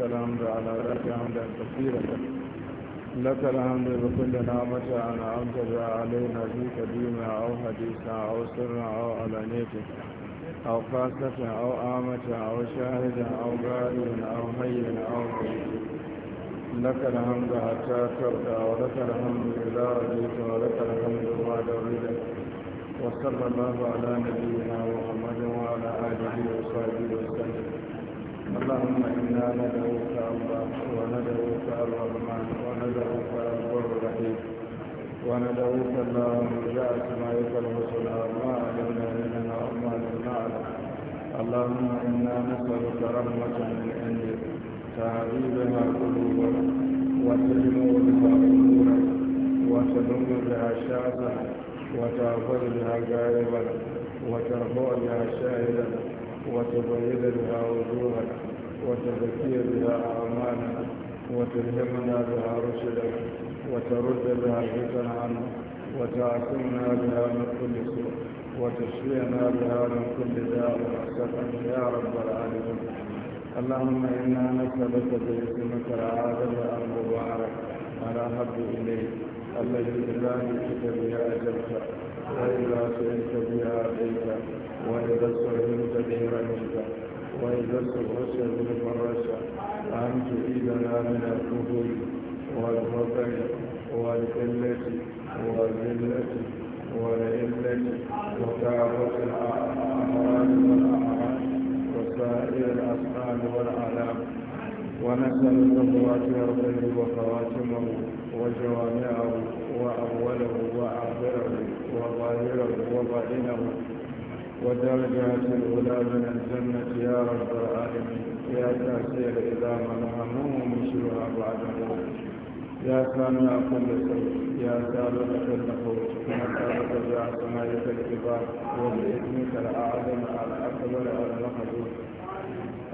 لك الحمد بكل نعمة عن عبد الله عليه نبي قديم أو حديث أو سر أو علانية أو قاسة أو عامة أو شاهد أو غائب أو هي أو قيد لك الحمد حتى تبدا ولك الحمد إلى رجيت ولك الحمد بعد رجا وصلى الله على نبينا محمد وعلى آله وصحبه وسلم اللهم إنا ندعوك الله وندعوك الرحمن وندعوك البر الرحيم وندعوك اللهم جاءك بأسمائك الحسنى ما علمنا منها وما لم نعلم اللهم إنا نسألك رحمة من عندك تهدي بها قلوبنا وتجمع بها أمورنا وتضم بها شاسنا وتغفر بها جائبنا وترفع بها شاهدا وتبيض بها وجوهنا وتزكي بها أعمالنا وتلهمنا بها رشدك وترد بها الفتن عنا وتعصمنا بها من كل سوء وتشفينا بها من كل داء وسقم يا رب العالمين اللهم إنا نسألك باسمك العادل المبارك على حب إليك الذي لا يشرك بها أجلك فإذا سئلت بها أتيت وإذا استعذنت به رحمت وإذا استغرست به فرست أن تعيدنا من الكفر والفقر والقلة والذلة والعلة وكافة الأعراض والأعراض وسائر الأسنان والآلام ونسألك فواتح الخير وخواتمه وجوامعه وبعدنه ودرجات الأولى من الجنة يا رب العالمين يا تأثير إذا من هموم شرها بعده يا سامع كل صوت يا سابق كل صوت كما يا بأسمائك الكبار وبإذنك الأعظم الأكبر المقدور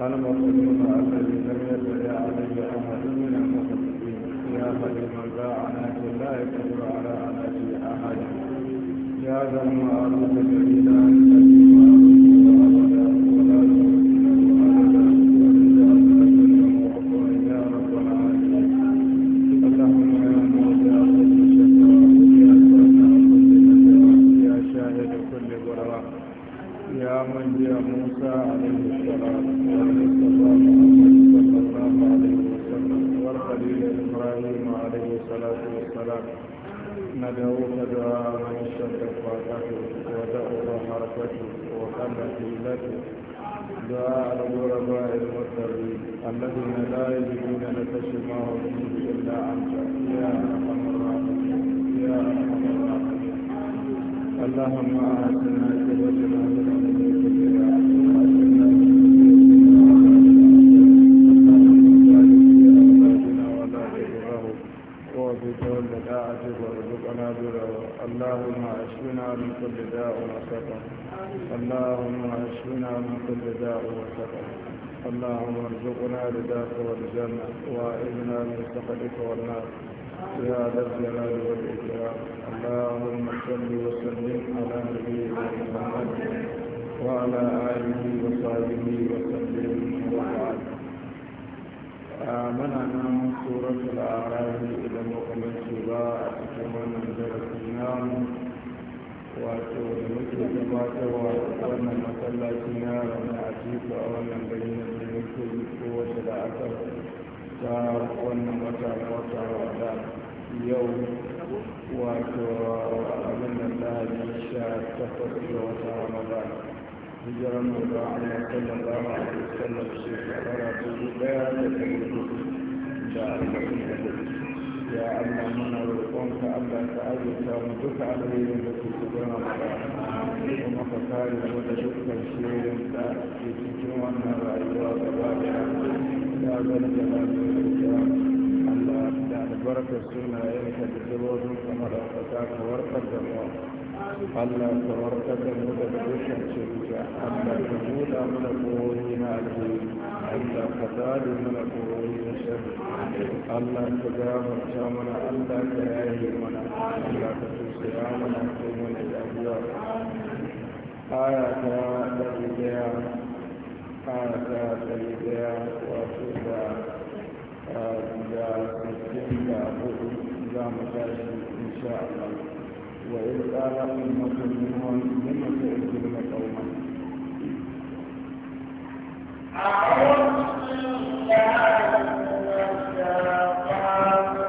المقدور الذي لم يتبع عليه أحد من المقدمين يا خليل من باع عناك لا يقدر على عناك أحد إرشادا وأرشد إلى أن wato abin da lahadi sha takwas ga wata ramadan hijiran manzo Allah sallallahu alaihi wasallam shekara dubu daya da dari hudu da arba'in da hudu ya Allah muna roƙonka Allah ka azurta mu duka alherin da kuke gama maka kuma ka kare mu da dukkan shirin da ke cikin wannan rayuwa gaba da ya zama da lafiya da albarkar sunayenka da zubobin kamar ɗaukaka ka warkar da mu Allah ka warkar da mu daga dukkan cuta Allah ka buɗa mana kowoyi na alheri Allah ka dade mana kowoyi na sharri Allah ka gafarta mana Allah ka yaye mana Allah ka tusaya mana ko mana jagora aya ta ɗari ɗaya aya ta ɗari ɗaya wato da da مدارس إن شاء الله وإذ قال أمة منهم لم تؤذون قوما أعوذ بالله من الشيطان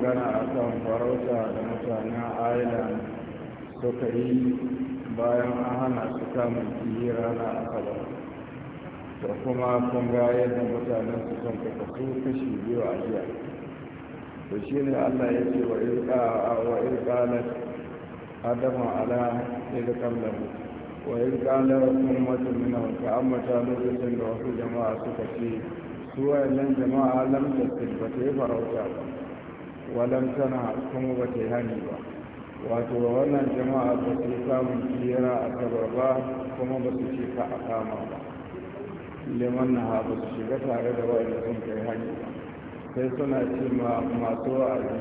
magana a kan farauta da mutanen island suka yi bayan an hana su kamun kiyi rana a kabar da kuma kun ga yadda mutanen su sun kaka su kashi biyu a jiya to shi ne allah ya ce wa irƙalar adama ala irƙan wa irƙalar ummatin minan ka mata lokacin da wasu jama'a suka ce su wayannan jama'a lamtar ba ta yi farauta ba walam tana kuma ba ta hani ba wato wannan jama'a ba su samun kira a gaba ba kuma ba su ce ka a kama ba liman na ba su shiga tare da wa'anda sun kai hani sai suna ce ma masu wa'azi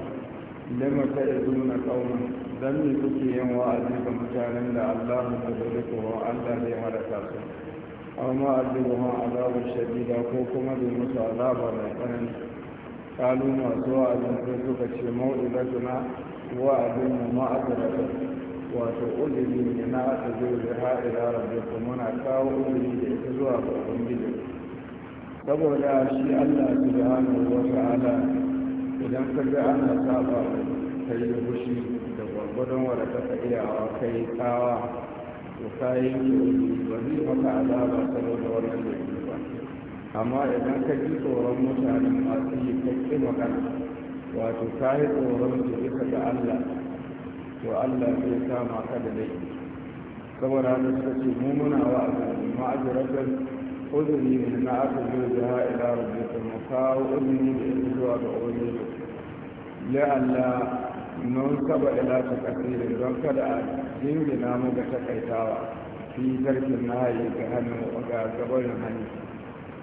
lima ta izu na kaunin don me kuke yin wa'azi ga mutanen da allah da zai kowa allah zai halaka su amma azabuhan azabar shadida ko kuma bai musu azaba mai tsanani kalu masu wa'azin sai suka ce mau'izatuna wa'azin mu ma'azarata wato ulili ne na aka zo da ha'ira rabbika muna kawo ulili da ita zuwa ga ubangiji saboda shi Allah subhanahu wa ala idan ka ga ana saba ta yi fushi da gwargwadon wanda ka iyawa kai tsawa to kayan yi ba zai maka azaba saboda wannan da amma idan ka ji tsoron mutane masu yi kakki magana wato ka yi tsoron su bisa ga allah to allah zai kama ka da laifi saboda haka suka ce mu muna wa a gani ma'ajiratan uzuri ne na aka zo da ha'ila rubuta mu kawo uzuri da ya zuwa ga ubangiji allah mun saba ila ta kasirin don kada a jingina mu ga takaitawa fi zarfin na hayi ga hannu ga gabarin hannu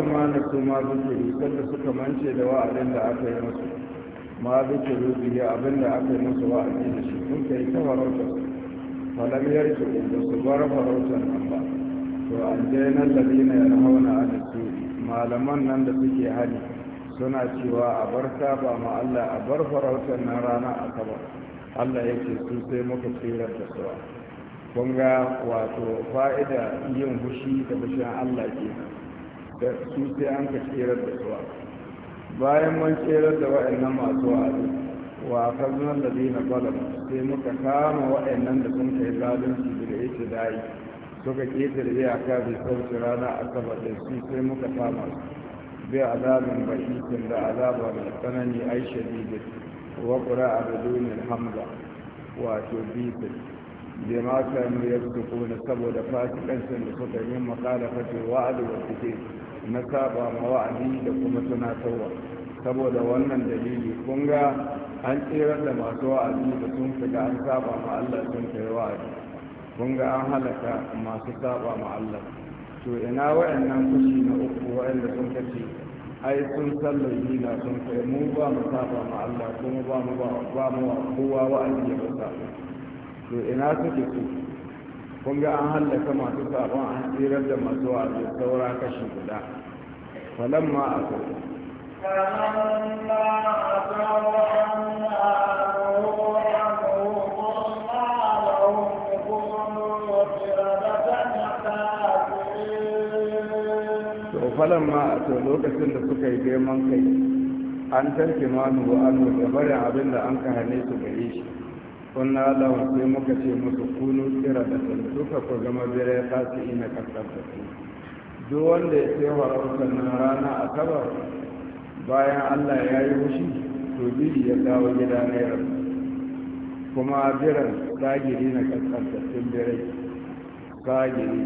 falamma na su ma zikiru sanda suka mance da wa'adin da aka yi musu ma zikiru ya abin da aka yi musu wa'adi da shi sun kai ta farauta falamiyar yarki da su bar farauta nan ba to an nan daina lalina ya hauna a su malaman nan da suke hali suna cewa a bar saba ma allah a bar farauta na rana asabar allah ya ce su sai muka tsirar da suwa kun ga wato fa'ida yin hushi da bishin allah ke. da su sai an ka tserar da suwa bayan mun tserar da wa'annan masu wa'azi wa nan da dina balam sai muka kama wa'annan da sun kai zalunci daga ita dai suka keta da iyaka bai sauci rana asabar da su sai muka kama su bai azabin bakitin da azaba mai tsanani ai shadidin wa qura'a da dunin hamza wato bitin jama'a ma kanu ya saboda fasikancin da suka yi makalafatin wa'adu wa fitin na saba mawa'azi da kuma tunatarwa saboda wannan dalili kun ga an tsirar da masu wa'azi da sun fi da an saba ma Allah sun fi wa'azi kun ga an halaka masu saba ma Allah to ina wayannan kushi na uku wayanda sun kace ai sun sallayi na sun kai mu ba mu saba ma Allah kuma ba mu ba mu kowa wa'azi ya ba to ina suke su kun ga an hallaka masu sabon an tsirar da masu wasu saura kashi guda falamma a sauka فلما أتوا عنا نورا قلنا لهم كونوا قردة خاسرين an tarke manu wa an wata bari abin da an ka hane su gare shi wannan lahum sai muka ce musu kunu tsira da sun duka ku zama bere ta su ina da su duk wanda ya sai farautar nan rana a kabar bayan allah ya yi wushi to biyu ya dawo gida naira kuma biran tsagiri na da sun dare tsagiri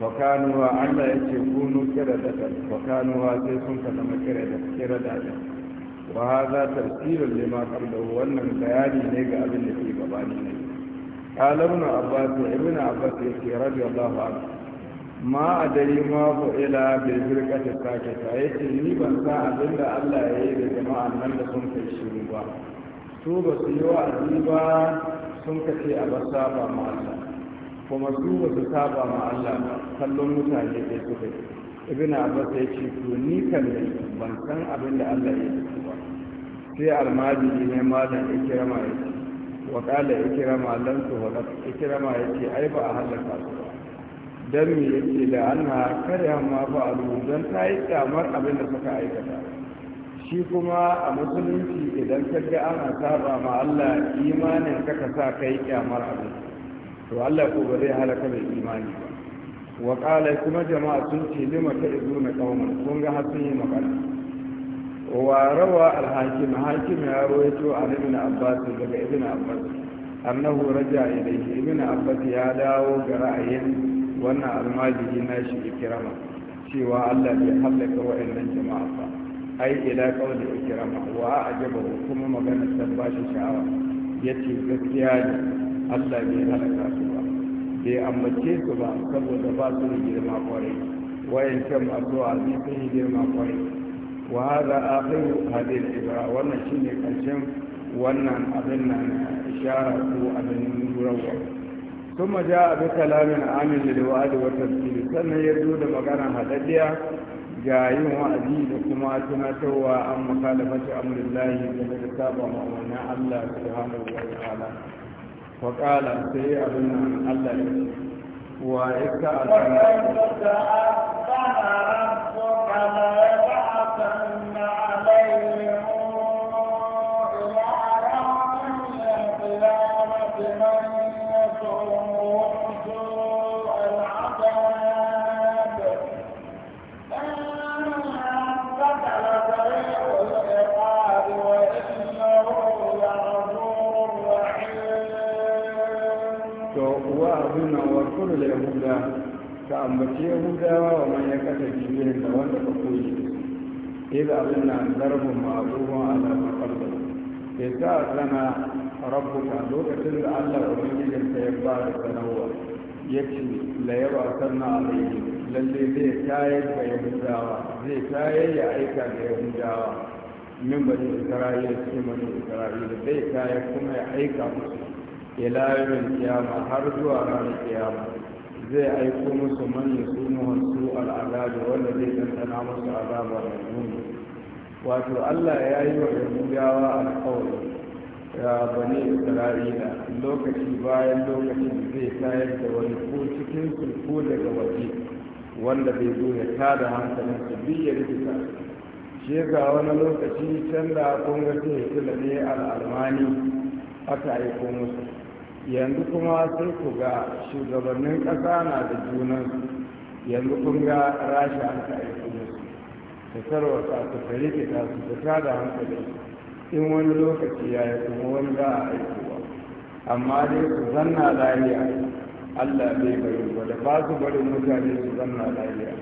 fakanuwa allah ya ce kunu tsira da sun fakanuwa sai sun ka zama da tsira da wa hadha tafsirun lima qablahu wannan bayani ne ga abin da ke gabani ne qala abbas ibn abbas yake radiyallahu anhu ma adari ma ku ila bil sake sakita ce ni ban san abin da Allah ya yi da jama'a nan da sun kai shiru ba su ba su yi wa ba sun kace a ba ma Allah kuma su ba su saba ma Allah kallon mutane da suka ibn abbas ya ce to ni kan ne ban san abin da allah ya yi ba sai Almadi ne malam ikirama ya ce wa kala ikirama lan su wa ikirama ya ce ai ba a halaka su ba dan me yake da anna kare ma ba a don ta yi kyamar abin da suka aikata shi kuma a musulunci idan ka ga ana saba ma allah imanin ka ka sa kai kyamar abin to allah ko ba zai halaka mai imani ba wa kuma jama'a sun ce lima ta izo na ƙaunar kun ga hatsun yi magana wa rawa alhakim hakim ya rawaito an ibn abbas daga ibn abbas annahu raja ilayhi ibn abbas ya dawo ga ra'ayin wannan almajiri na shi ikrama cewa Allah bai halaka wa'annan jama'a ba ai ila qawli ikrama wa ajaba kuma magana ta shi sha'awa yace gaskiya ne Allah bai halaka su ba bai ambace su ba saboda ba su da girma kwarai wayan wayancan masu azi sun yi girma kwarai wa haza akhiru hadin ibra wannan shine kancin wannan abin nan ishara ko abin nurawa kuma ja abi kalamin amin lil wa'd wa tafsir sannan ya zo da magana hadadiya ga yin wa'azi da kuma tunatarwa an makalafata amrullahi da ta saba ma Allah subhanahu wa ta'ala faƙala sai abin nan allah wa ya ka ka ambaci yahudawa wa manya kasa jibirin da wanda ba ko yi ke da abin na zarafin ma'azuban alamun kalba ke sa a sana rabuka lokacin da allah wa manyan ta ya ba da sanarwa ya ce la ya sanna a laifi lalle zai tayar da yahudawa zai tayar ya aika da yahudawa min bani isra'ila cikin bani da zai tayar kuma ya aika musu ilayen kiyama har zuwa ranar kiyama zai aiko musu manya ya suna wasu wanda zai tattana musu azabar nuni wato allah ya yi wa yahudawa alkawari ya bani isra'ila lokaci bayan lokaci zai tayar da wani ko cikin ko daga waje wanda bai zo ya tada hankalin su biyar rikita shi ga wani lokaci can da kun ga sai ya tuna ne al'almani aka aiko musu yanzu kuma sai ku ga shugabannin ƙasa na da junansu yanzu kun ga rashi an ka aiki musu ta tarwata su ta su ta da hankali in wani lokaci ya yi kuma wani za a aiki ba amma dai su zanna lafiya allah bai bari ba da ba su bari mutane su zanna lafiya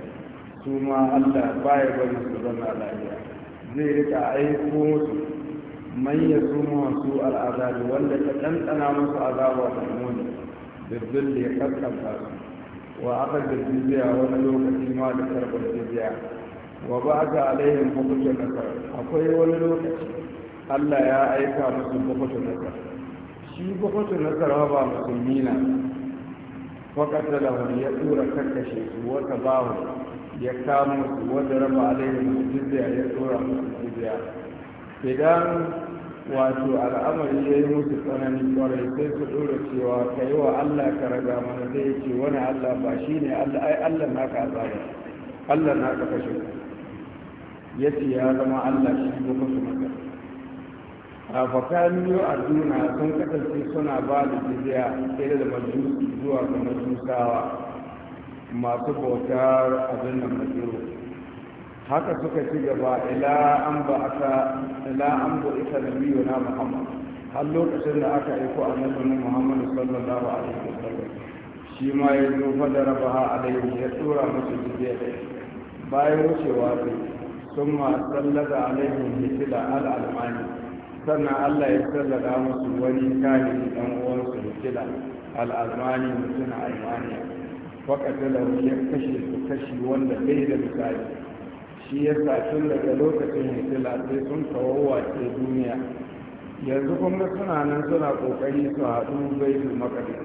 su ma allah baya bari su zanna lafiya zai rika aiko musu man ya suma su al'azabi wanda ta ɗanɗana musu azaba da muni birbin ya kaskanta su wa aka da wani lokaci ma da karɓar jirgiya, wa ba ka alayhin hukuncin nasar akwai wani lokaci allah ya aika musu hukuncin nasar shi hukuncin nasar ba musulmi na fakata da wani ya tura karkashe su wata bawa ya kama su wata raba alayhin jiziya ya tura musu jiziya idan wato al'amari ya yi musu tsanani kwarai sai su ɗora cewa ka yi wa allah ka raga mana zai ce wani allah ba shi ne allah na ka azaba allah na ka fashe ya ce ya zama allah shi ko kasu maka a fakaniyo a duna sun kasance suna ba da jiziya ɗaya da majusi zuwa ga majusawa masu bautar abin da majuru haka suka ci gaba ila an ba aka ila an bu isa nabiyu na muhammad har lokacin da aka aiko annabi muhammad sallallahu alaihi wasallam shi ma ya zo fadara baha alaihi ya tura musu jibiya da bayan wucewa sai, sun ma sallada alaihi hitila al sannan allah ya sallada musu wani kahiri dan uwansu hitila al-almani mutum almaniya faƙatila ya kashe su kashi wanda bai da misali shi ya tun daga lokacin hitila sai sun ke duniya yanzu kuma suna nan suna kokari su haɗu baitul maqdis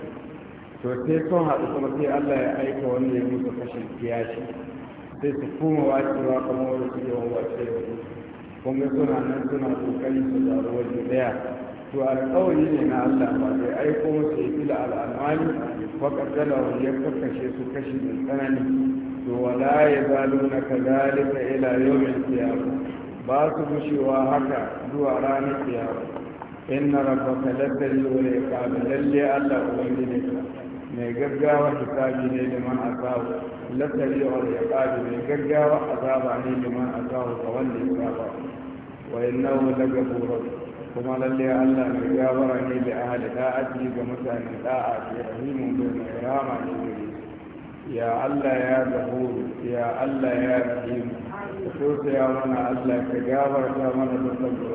to sai sun haɗu kuma sai Allah ya aika wanda ya musu kashin kiyashi sai su kuma wacewa kuma wani su yawan wace kun Kuma suna nan suna kokari su zaru waje daya to alƙawari ne na Allah ba zai aiko musu ya fila al'amali wa ƙaddala ya kakkashe su kashi mai tsanani to wala ya zalo na kazalika ila yawmin qiyama ba su gushewa haka zuwa ranar qiyama inna rabbaka ladalli wa iqab lalle Allah ubangiji mai gaggawa hisabi ne liman asabu ladalli wa iqab mai gaggawa azaba ne liman asabu ga wanda ya saba wa innahu lagafurun kuma lalle Allah mai gabara ne da ahli ajiye ga mutane da'a ke rahimun bai mai rama ne يا الله يا غفور يا الله يا رحيم توسع يا من الله كجابر يا من تصبر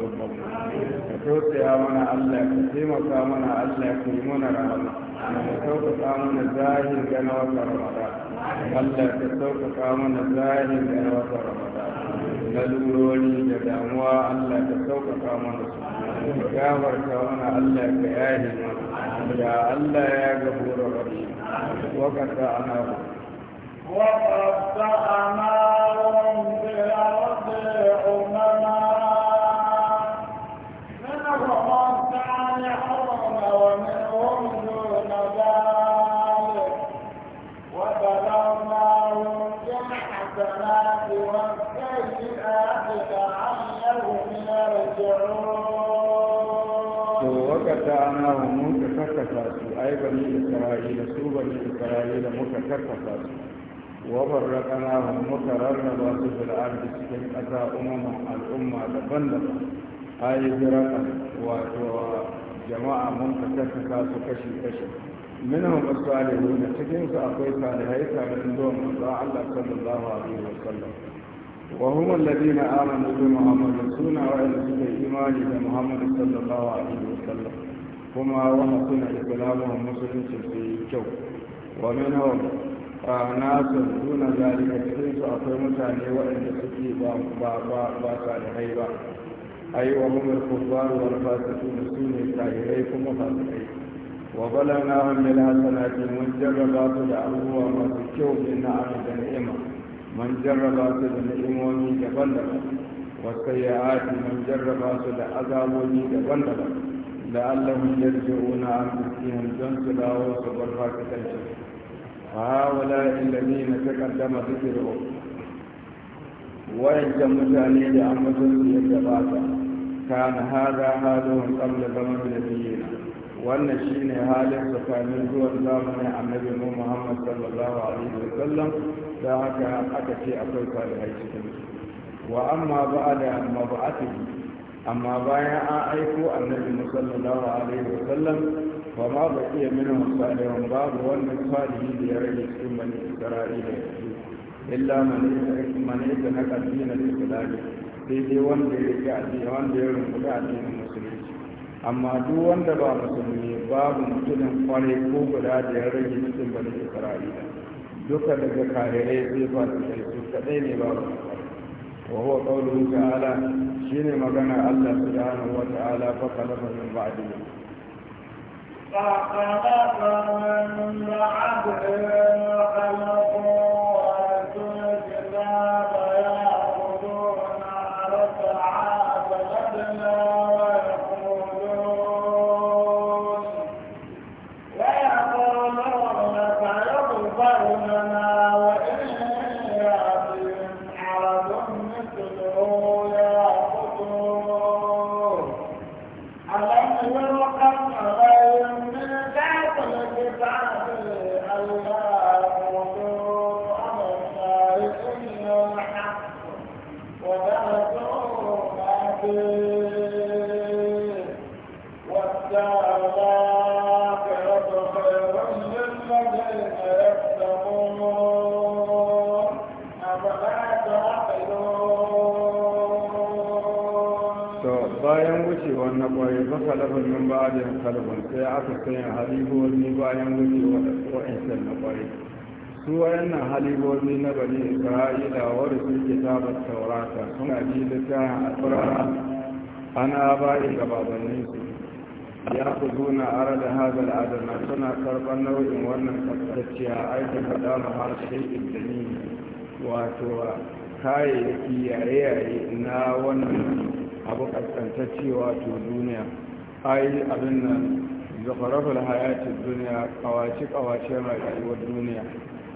توسع يا من الله كسيم يا من الله كيمون رحمة توسع يا من زاهد جنوة رمضان الله كتوسع يا من زاهد جنوة رمضان lalurori الله damuwa Allah ka sauƙaƙa mana su gafarta mana يا ka yahi mana da Allah ya gabura rabi وقد وقطعناهم وقطعناهم في الأرض أمما منهم صالحون ومنهم دون ذلك وبلغناهم بالحسنات والسيئات لعلهم يرجعون وقد وقطعناهم متفككات أي بني إسرائيل سو بني إسرائيل متكففة وبرقناهم مترربا في الأرض سكن أتى امم الأمة لبندبا أي برقا وجماعة متكففة سكشي كشي منهم الصالحون سكن سأقوي صالحي كان دون الله صلى الله عليه وسلم وهم الذين آمنوا بمحمد سنة وإلى سكن إيمان محمد صلى الله عليه وسلم kuma wani suna islamun musulunci su yi kyau wa minhum nasun duna zalika cikin su akwai mutane waɗanda suke ba ba ba ba rai ba ai wa humul kufar wal fasiqun sune salihai kuma fasikai wa balanahum bil hasanati mun jarraba su da abubuwa masu kyau min na'am da ni'ima mun jarraba su da ni'imomi daban-daban wasu ya yayyati mun jarraba su da azabobi daban-daban لعلهم يرجعون عن مسكهم جنس داوس وبرفاك تنشر فهؤلاء الذين تقدم ذكرهم ويجب متاني لأنفسهم يجباتا كان هذا حالهم قبل زمن نبينا wannan shi halin tsakanin zuwan zamanin annabi mu muhammad sallallahu alaihi wa sallam da haka aka ce akwai salihai cikin wa amma ba da maba'atihi amma bayan an aiko annabi musallallahu alaihi wa sallam ba ma ba iya mina musalihan babu wannan salihi da ya rage cikin bani isra'ila illa mani ita na ƙarfinan islami sai dai wanda ya rike addini wanda ya rumfuka addinin musulunci amma duk wanda ba musulmi babu mutumin kwarai ko guda da ya rage cikin bani isra'ila duka daga kare sai ba su kai su kaɗai ne babu وهو قوله تعالى شين مغنى الله سبحانه وتعالى فخلف من بعده فخلف من بعده وخلفوا aka halibuwar ne bayan wuce wa'ancan na kwarai su wayannan ne na bani isra'ila wadda su kitabar taurata suna bi littafin alfarara ana bayi gababannin su ya ku zuna ara da hazal adana suna karɓar nau'in wannan tsaftaciya aikin faɗa ma harshe ibdani wato kayayyaki yaye-yaye na wannan abu ƙasƙantacce wato duniya ai abin nan zuhuraful hayatin duniya kawace-kawacen rayuwar duniya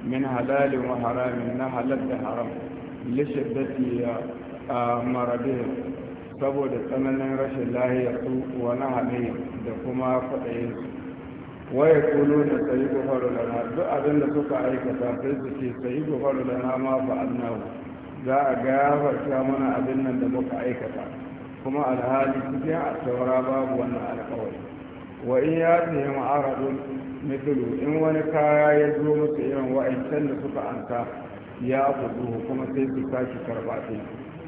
min halalin wa haramin na halal da haram lishiddati a marabin saboda tsananin rashin lahiyar su wani halayen da kuma kwaɗayin su waye kulu da sayi gufaru da na duk abinda da suka aikata sai suke ce sayi gufaru da na ma fa annahu za a gafarta mana abin nan da muka aikata kuma alhali cikin a babu wannan alkawari wa in ya tsaye ma'aradun mithlu in wani kaya ya zo musu irin wa'ancan da suka anta ya kudu kuma sai su tashi karba sai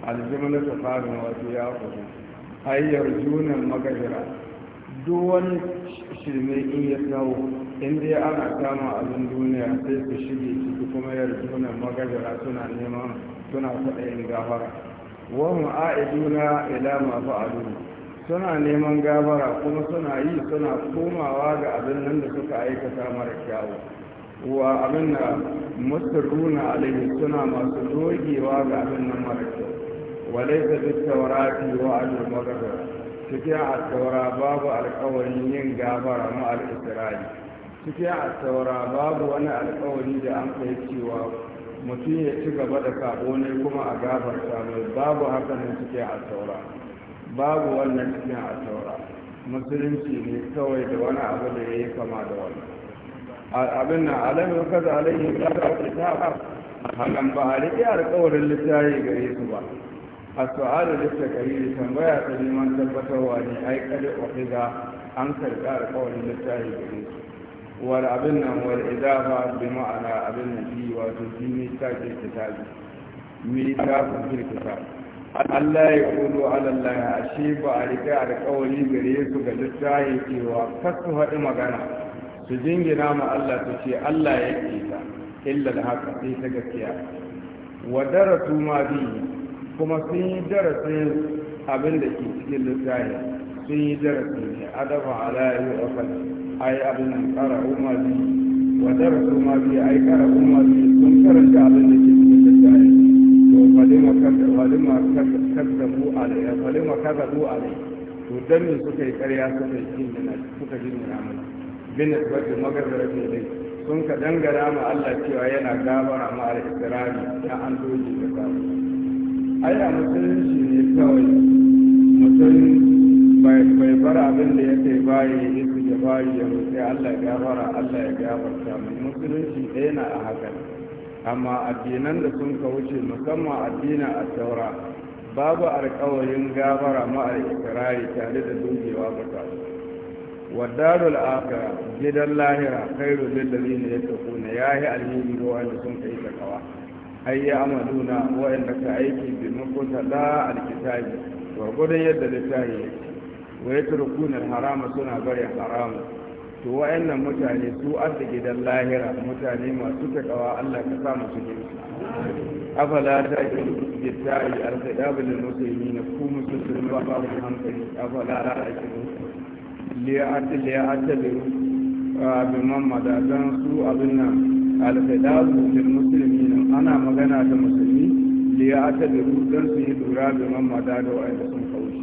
aljimla ta farin wato ya kudu ayyar junan magajira duk wani shirme in ya tsawo in dai ana samun abin duniya sai su shige ciki kuma yar junan magajira suna neman suna yin gafara wa mu'a'iduna ila ma fa'alu suna neman gabara kuma suna yi suna komawa ga abin nan da suka aikata mara kyawu wa abin da musirruna alaihi suna masu dogewa ga abin nan mara kyau walai da duk wa ajiyar magana cikin attaura babu alkawarin yin gabara ma al'isirari cikin attaura babu wani alkawari da an kai cewa mutum ya ci gaba da kaɓo ne kuma a gabar mai babu hakanin cikin attaura babu wannan cikin a taura musulunci ne kawai da wani abu da ya yi kama da wannan abin na alamin kaza alaihi ta ta hakan ba a riƙe alƙawarin littafi gare su ba a su'adu da ta kari tambaya ta neman tabbatarwa ne ai kada ofiza an karɓi alƙawarin littafi gare su wani abin nan wani idafa bi ma'ana abin nan shi wato shi ne ta ke kitabi mi ta kun kirkita Allah ya kudu alallah shi ba a riƙe alƙawari gare su ga littafi cewa kar su haɗu magana su jingina ma Allah su ce Allah ya ke ta illal haka sai ta gaskiya wa darasu ma bi kuma sun yi darasin abin da ke cikin littahi sun yi darasin ne adafa ala yi wa fadi ai abin nan kara umma bi wa darasu ma bi ai kara umma bi sun karanta abin da ke cikin littahi falima kazzabu alai falima kazzabu alai to dan ne suka yi ƙarya suka yi jinjina suka jinjina mana bin isbatu magazarati ilai sun ka dangara ma Allah cewa yana gabara ma al-istirari ta an doji da kawo ai a musulunci ne kawai mutum bai bar abin da ya kai bayi ya yi su ya bayi ya mutu Allah ya gabara Allah ya gabarta mai musulunci ɗaya na a hakan amma addinan da sun ka wuce musamman addinin attaura babu alkawarin gabara ma'ar ikirari tare da dogewa ga kasu wadarul akira gidan lahira khairu lillazi ne ya tafi na, ya yi alheri ga wanda sun kai takawa ai ya amaluna wa'anda ka aiki bi makuta da alkitabi gwargwadon yadda littafi yi. wa ya turkunan harama suna bari harama to wayannan mutane su adda gidan lahira mutane masu takawa Allah ka sa mu cikin su afala ta ke gittari al-qadabul muslimin ku musulmi ba ba mu hankali afala ta ke liya'ati liya'ati bi mamada dan su abin nan al-qadabul muslimin ana magana da musulmi liya'ati dan su yi dura da mamada da wa'anda sun shi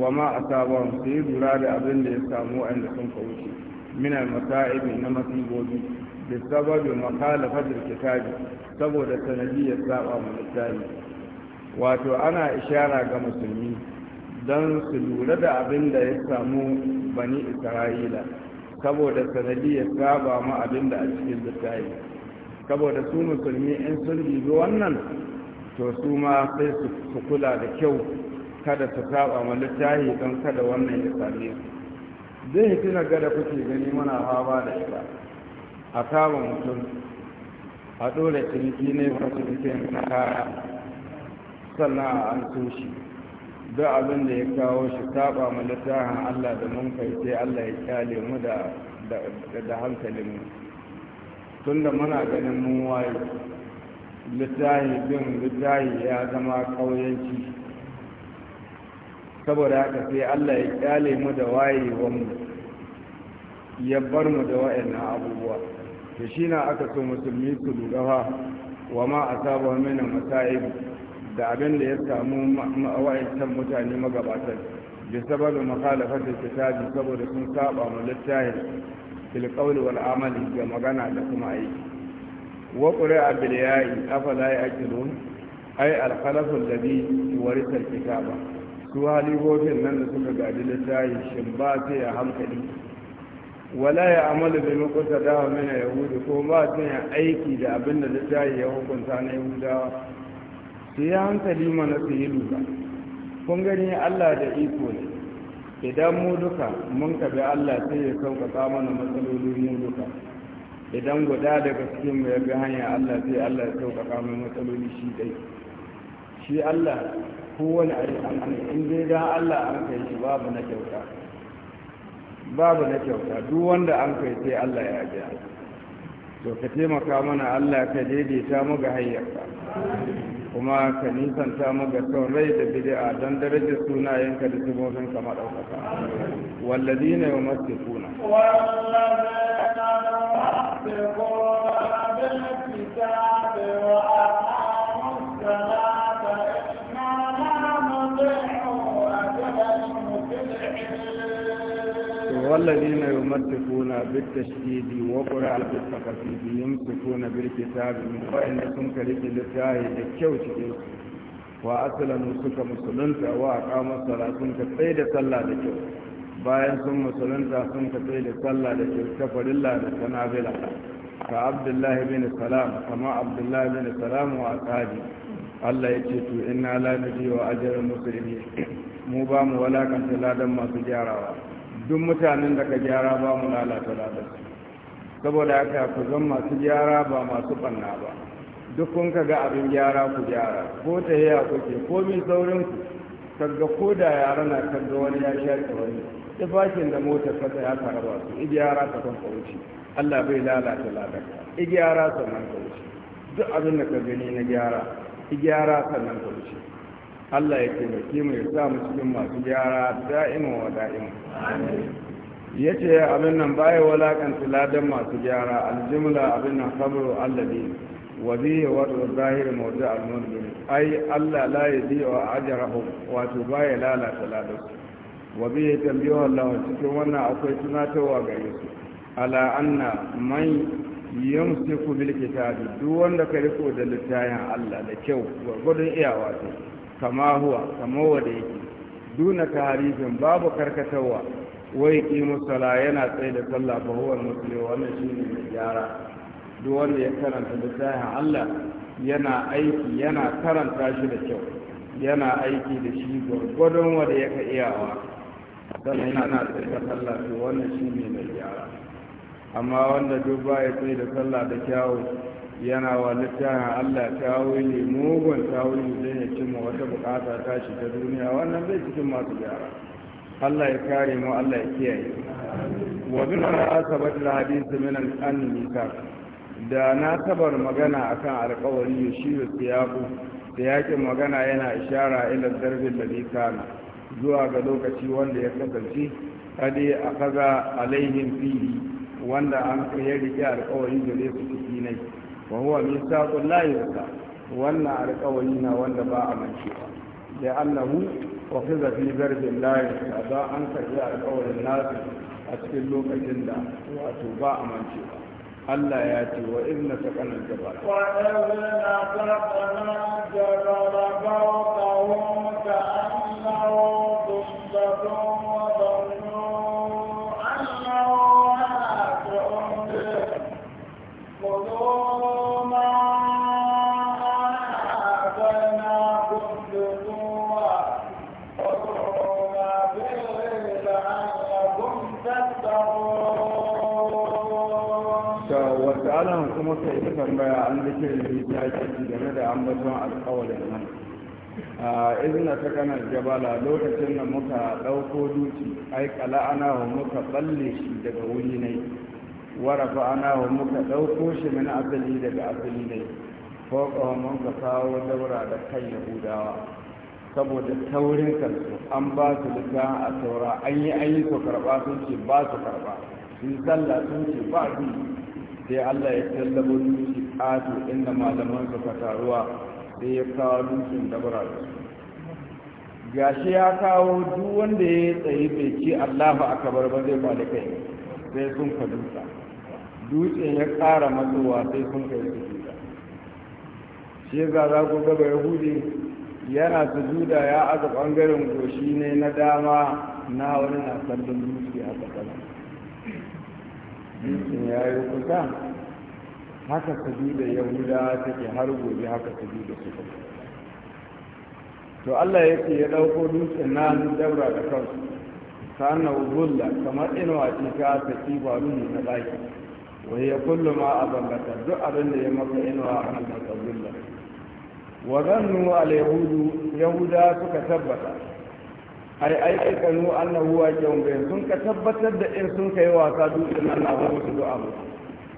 wa ma asaba su yi dura da abin da ya samu wa'anda sun shi min al-masa'ib na masibobi da sababi makhalafatul kitabi saboda sanadiyar saba mu littafi wato ana ishara ga musulmi don su lura da abin da ya samu bani isra'ila saboda sanadiyar saba ma abin a cikin littafi saboda su musulmi in sun ribi wannan to su ma sai su kula da kyau kada su saba ma littafi don kada wannan ya zai hitinar gada kuke gani mana hawa da ita a kama mutum a dole kirki ne sai na kara sannan a an so shi duk abin da ya kawo shi taɓa mu littafin allah da mun kai sai allah ya kyale mu da hankalin mu tun da muna ganin mun waye littahi bin littahi ya zama kauyanci saboda haka sai allah ya kyale mu da mu. ya bar mu da wa'annan abubuwa Da shi na aka so musulmi su lura wa ma a saba mina masa'ib da abin da ya samu wa'ancan mutane magabatar bi sababu da kitabi saboda sun saba mu littafin fil wal amali ga magana da kuma aiki wa qura'a bil ya'i afala ya'qilun ay al khalafu alladhi warisa al kitaba su halihofin nan da suka gaji littafi shin ba sai a hankali wala ya amalu bi lokuta dawa mana yahudi ko ba su yin aiki da abin da littafi ya hukunta na yahudawa Sai ya hankali mana su yi lura kun gani allah da iko ne idan mu duka mun kabi allah sai ya sauƙaƙa mana matsaloli mu duka idan guda daga cikin mu ya bi hanya allah sai allah ya sauƙaƙa mai matsaloli shi dai shi allah kowane a in dai dan allah an kai shi babu na kyauta babu na kyauta duk wanda an kai sai Allah ya biya to ka taimaka mana Allah ka daidaita mu ga hayyarka kuma ka nisanta mu ga son rai da bid'a dan darajar sunayenka da sifofin ka madaukaka walladina yumassikuna walladina yumassikuna bil kitabi wa aqamus والذين يمتفون بالتشديد وقرع بالتخفيف يمسكون بالكتاب من فإن سنك لله لكيو تكيو وأسلموا سك مسلمت الصلاة سنك تيد صلى لكيو bayan sun musulunta sun ka tsaye da sallah da kyauta farilla da sanabila ka abdullahi bin salam kama abdullahi bin salam wa akadi allah ya ce to ina la nabi wa ajiyar musulmi mu ba mu ladan masu gyarawa duk mutanen da ka gyara ba mu lalata lalata saboda haka ku zan masu gyara ba masu banna ba duk kun ka ga abin gyara ku gyara ko ta yaya kuke ko min saurin ku kaga ko da yara na kaga wani ya shaƙi wani tufafin da motar kasa ya ka ba su i gyara ka kan kauci Allah bai lalata lalata gyara sannan kauci duk abin da ka gani na gyara i gyara sannan kauci Allah ya taimake mu ya sa mu cikin masu gyara da'ima wa da'ima ya ce abin nan baya walakanta ladan masu gyara aljimla abin nan sabru alladi wazihi wato zahir mawdu al-mudmin ai Allah la yadi wa ajrahu wato baya lalata ladan wa bi tambihu Allah cikin wannan akwai tunatarwa gare su ala anna man yumsiku bil kitabi duk wanda ka riko da littafin Allah da kyau gurgudun iyawa ce kama huwa kama wanda yake duna taharifin babu karkatawa wai musala sala yana tsaye da sallah fa huwa muslim wannan shine mai gyara duk wanda ya karanta littafin Allah yana aiki yana karanta shi da kyau yana aiki da shi gwargwadon wanda yaka iyawa sannan yana tsaye da sallah to wannan shine mai gyara amma wanda duk ba ya tsaye da sallah da kyawu yana wa littafin allah ne mugun ne zai ya cimma wata bukata tashi ta duniya wannan zai cikin masu gyara allah ya kare mu allah ya kiyaye wa bin asabat al hadith min al anni da na tabar magana akan shi da siyaku da yakin magana yana ishara ila darbin da zuwa ga lokaci wanda ya kasance hadi a kaza alaihim fihi wanda an ya rike alƙawari da ne su ciki ne wa huwa misaqul la yuka wannan alƙawari na wanda ba a mance ba da annahu wa fiza fi zarbin la yusa ba an karbi alƙawarin nasu a cikin lokacin da wato ba a mance ba Allah ya ce wa in na saƙan aljabara. Wa in na saƙan aljabara ba ka hunka an na wa kuma sai ta tambaya an zikir lissafi game da ambaton alkawalin nan a izina ta kanar jabala lokacin da muka ɗauko duci ai ana wa muka tsalle shi daga wuri ne warafa ana wa muka ɗauko shi min asali daga asali ne kawo mun ka kawo daura da kan yahudawa saboda taurin kansu an ba su lita a saura an yi ayyuka yi karɓa sun ce ba su karɓa sun sallah sun ce ba su sai Allah ya tallabo dutse ƙato inda malaman ka taruwa sai ya kawo dutsen dabara da su gashi ya kawo duk wanda ya tsaye bai ci Allahu akbar ba zai kwale kai sai sun ka dutsa dutse ya ƙara matsowa sai sun kai su dutsa shi ga za ku gaba yahudi yana su juda ya aza ɓangaren goshi ne na dama na wani na sandan dutse a tsakanin Jikin ya yi kusa haka su da yahuda take har gobe haka su da su to allah ya ce ya ɗauko dutsen nan daura da kansu na ubulla kamar inuwa ce ta saki barun na ɗaki wai ya kullu ma a bambata duk abin da ya maka inuwa a kan ubulla wa zannu al yahudu yahuda suka tabbata ai ai kanu annahu waqi'un jawbe sun ka tabbatar da in sun kai wasa dutsen nan ba, musu du'a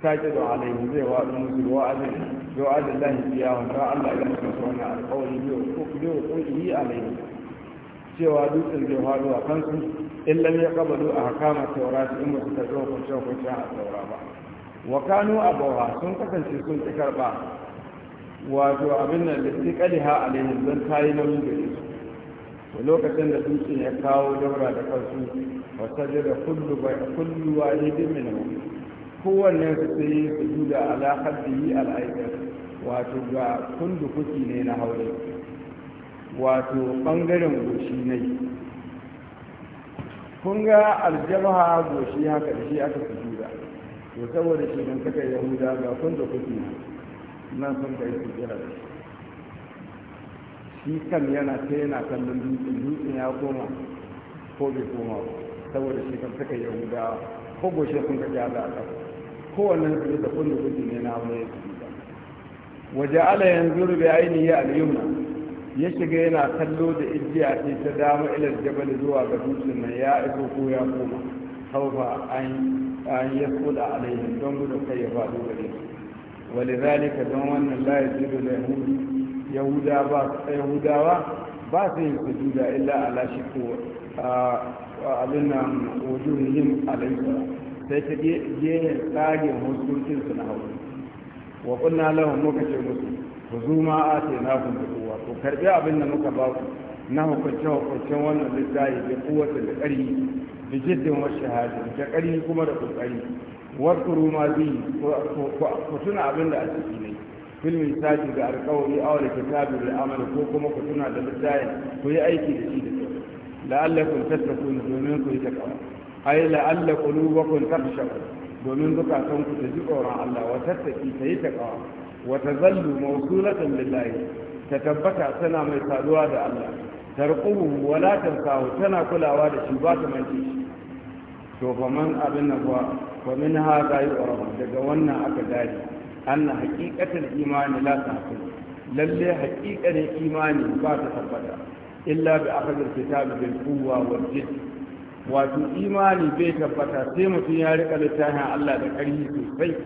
da alaihi zai wa musu wa'adin wa'adin lahi biya wa ta Allah ya musu wannan alƙawari biyo ko biyo ko yi alaihi cewa dutsen zai faru a kansu in lam ya kabalu a hakama taura su zo ko ce ko ce a taura ba wa kanu abawa sun kasance sun ƙi karɓa wato abin nan da ƙi alaihi zan ta yi da su lokacin da dutsen ya kawo daura da kansu wasaje da kullu bai kullu wahidin min kowanne su sai su duda ala haddihi al aikar wato ga kundu kuki ne na haure wato bangaren goshi ne kun ga aljabha goshi haka da shi aka su duda to saboda shi dan kaka yahuda ga kundu kuki nan sun kai su jira da shi shi kan yana ta yana kallon dutsen dutsen ya koma ko bai koma saboda shi kan suka yahudawa ko goshe sun ka jaza a ƙasa kowanne su da kullu kudi ne na mai waje ala yanzu rubi ainihi al-yumna ya shiga yana kallo da ijiya ce ta dama ilar jabal zuwa ga dutsen nan ya iso ko ya koma saufa an an ya kula alaihim don gudun kai ya faɗo gare su ولذلك دون لا يزيد اليهود yahudawa ba su yin sujuda illa ala shi ko abin nan wajen yin alaisa sai ta gehen tsage hukuncin su na hauru wa kunna lahum muka ce musu ku ma a ce na kun da kowa to karbi abin da muka ba ku na hukunce hukuncen wannan littafi da kowace da ƙarfi da jiddin wa shahada da ƙarfi kuma da ƙoƙari wasu ruma biyu ku tuna abin da a ciki ne filmin sati ga alƙawari awa da kitabu da amal ko kuma ku tuna da littayin ku yi aiki da shi da kyau la'allakum tattakun domin ku yi ta takawa ai la'alla qulubakum takhshaw domin san ku ta ji tsoron Allah wa tattaki ta yi ta takawa wa tazallu mawsulatan lillahi ta tabbata tana mai saduwa da Allah tarquhu wa la tansahu tana kulawa da shi ba ta mance shi to fa man abin nan fa min hada yu'rafu daga wannan aka gadi anna haqiqatul imani la tahsil lalle haqiqanin imani ba ta tabbata illa bi akhdhil kitab bil quwwa wal jidd wato imani bai tabbata sai mutum ya rika littafin Allah da ƙarfi sosai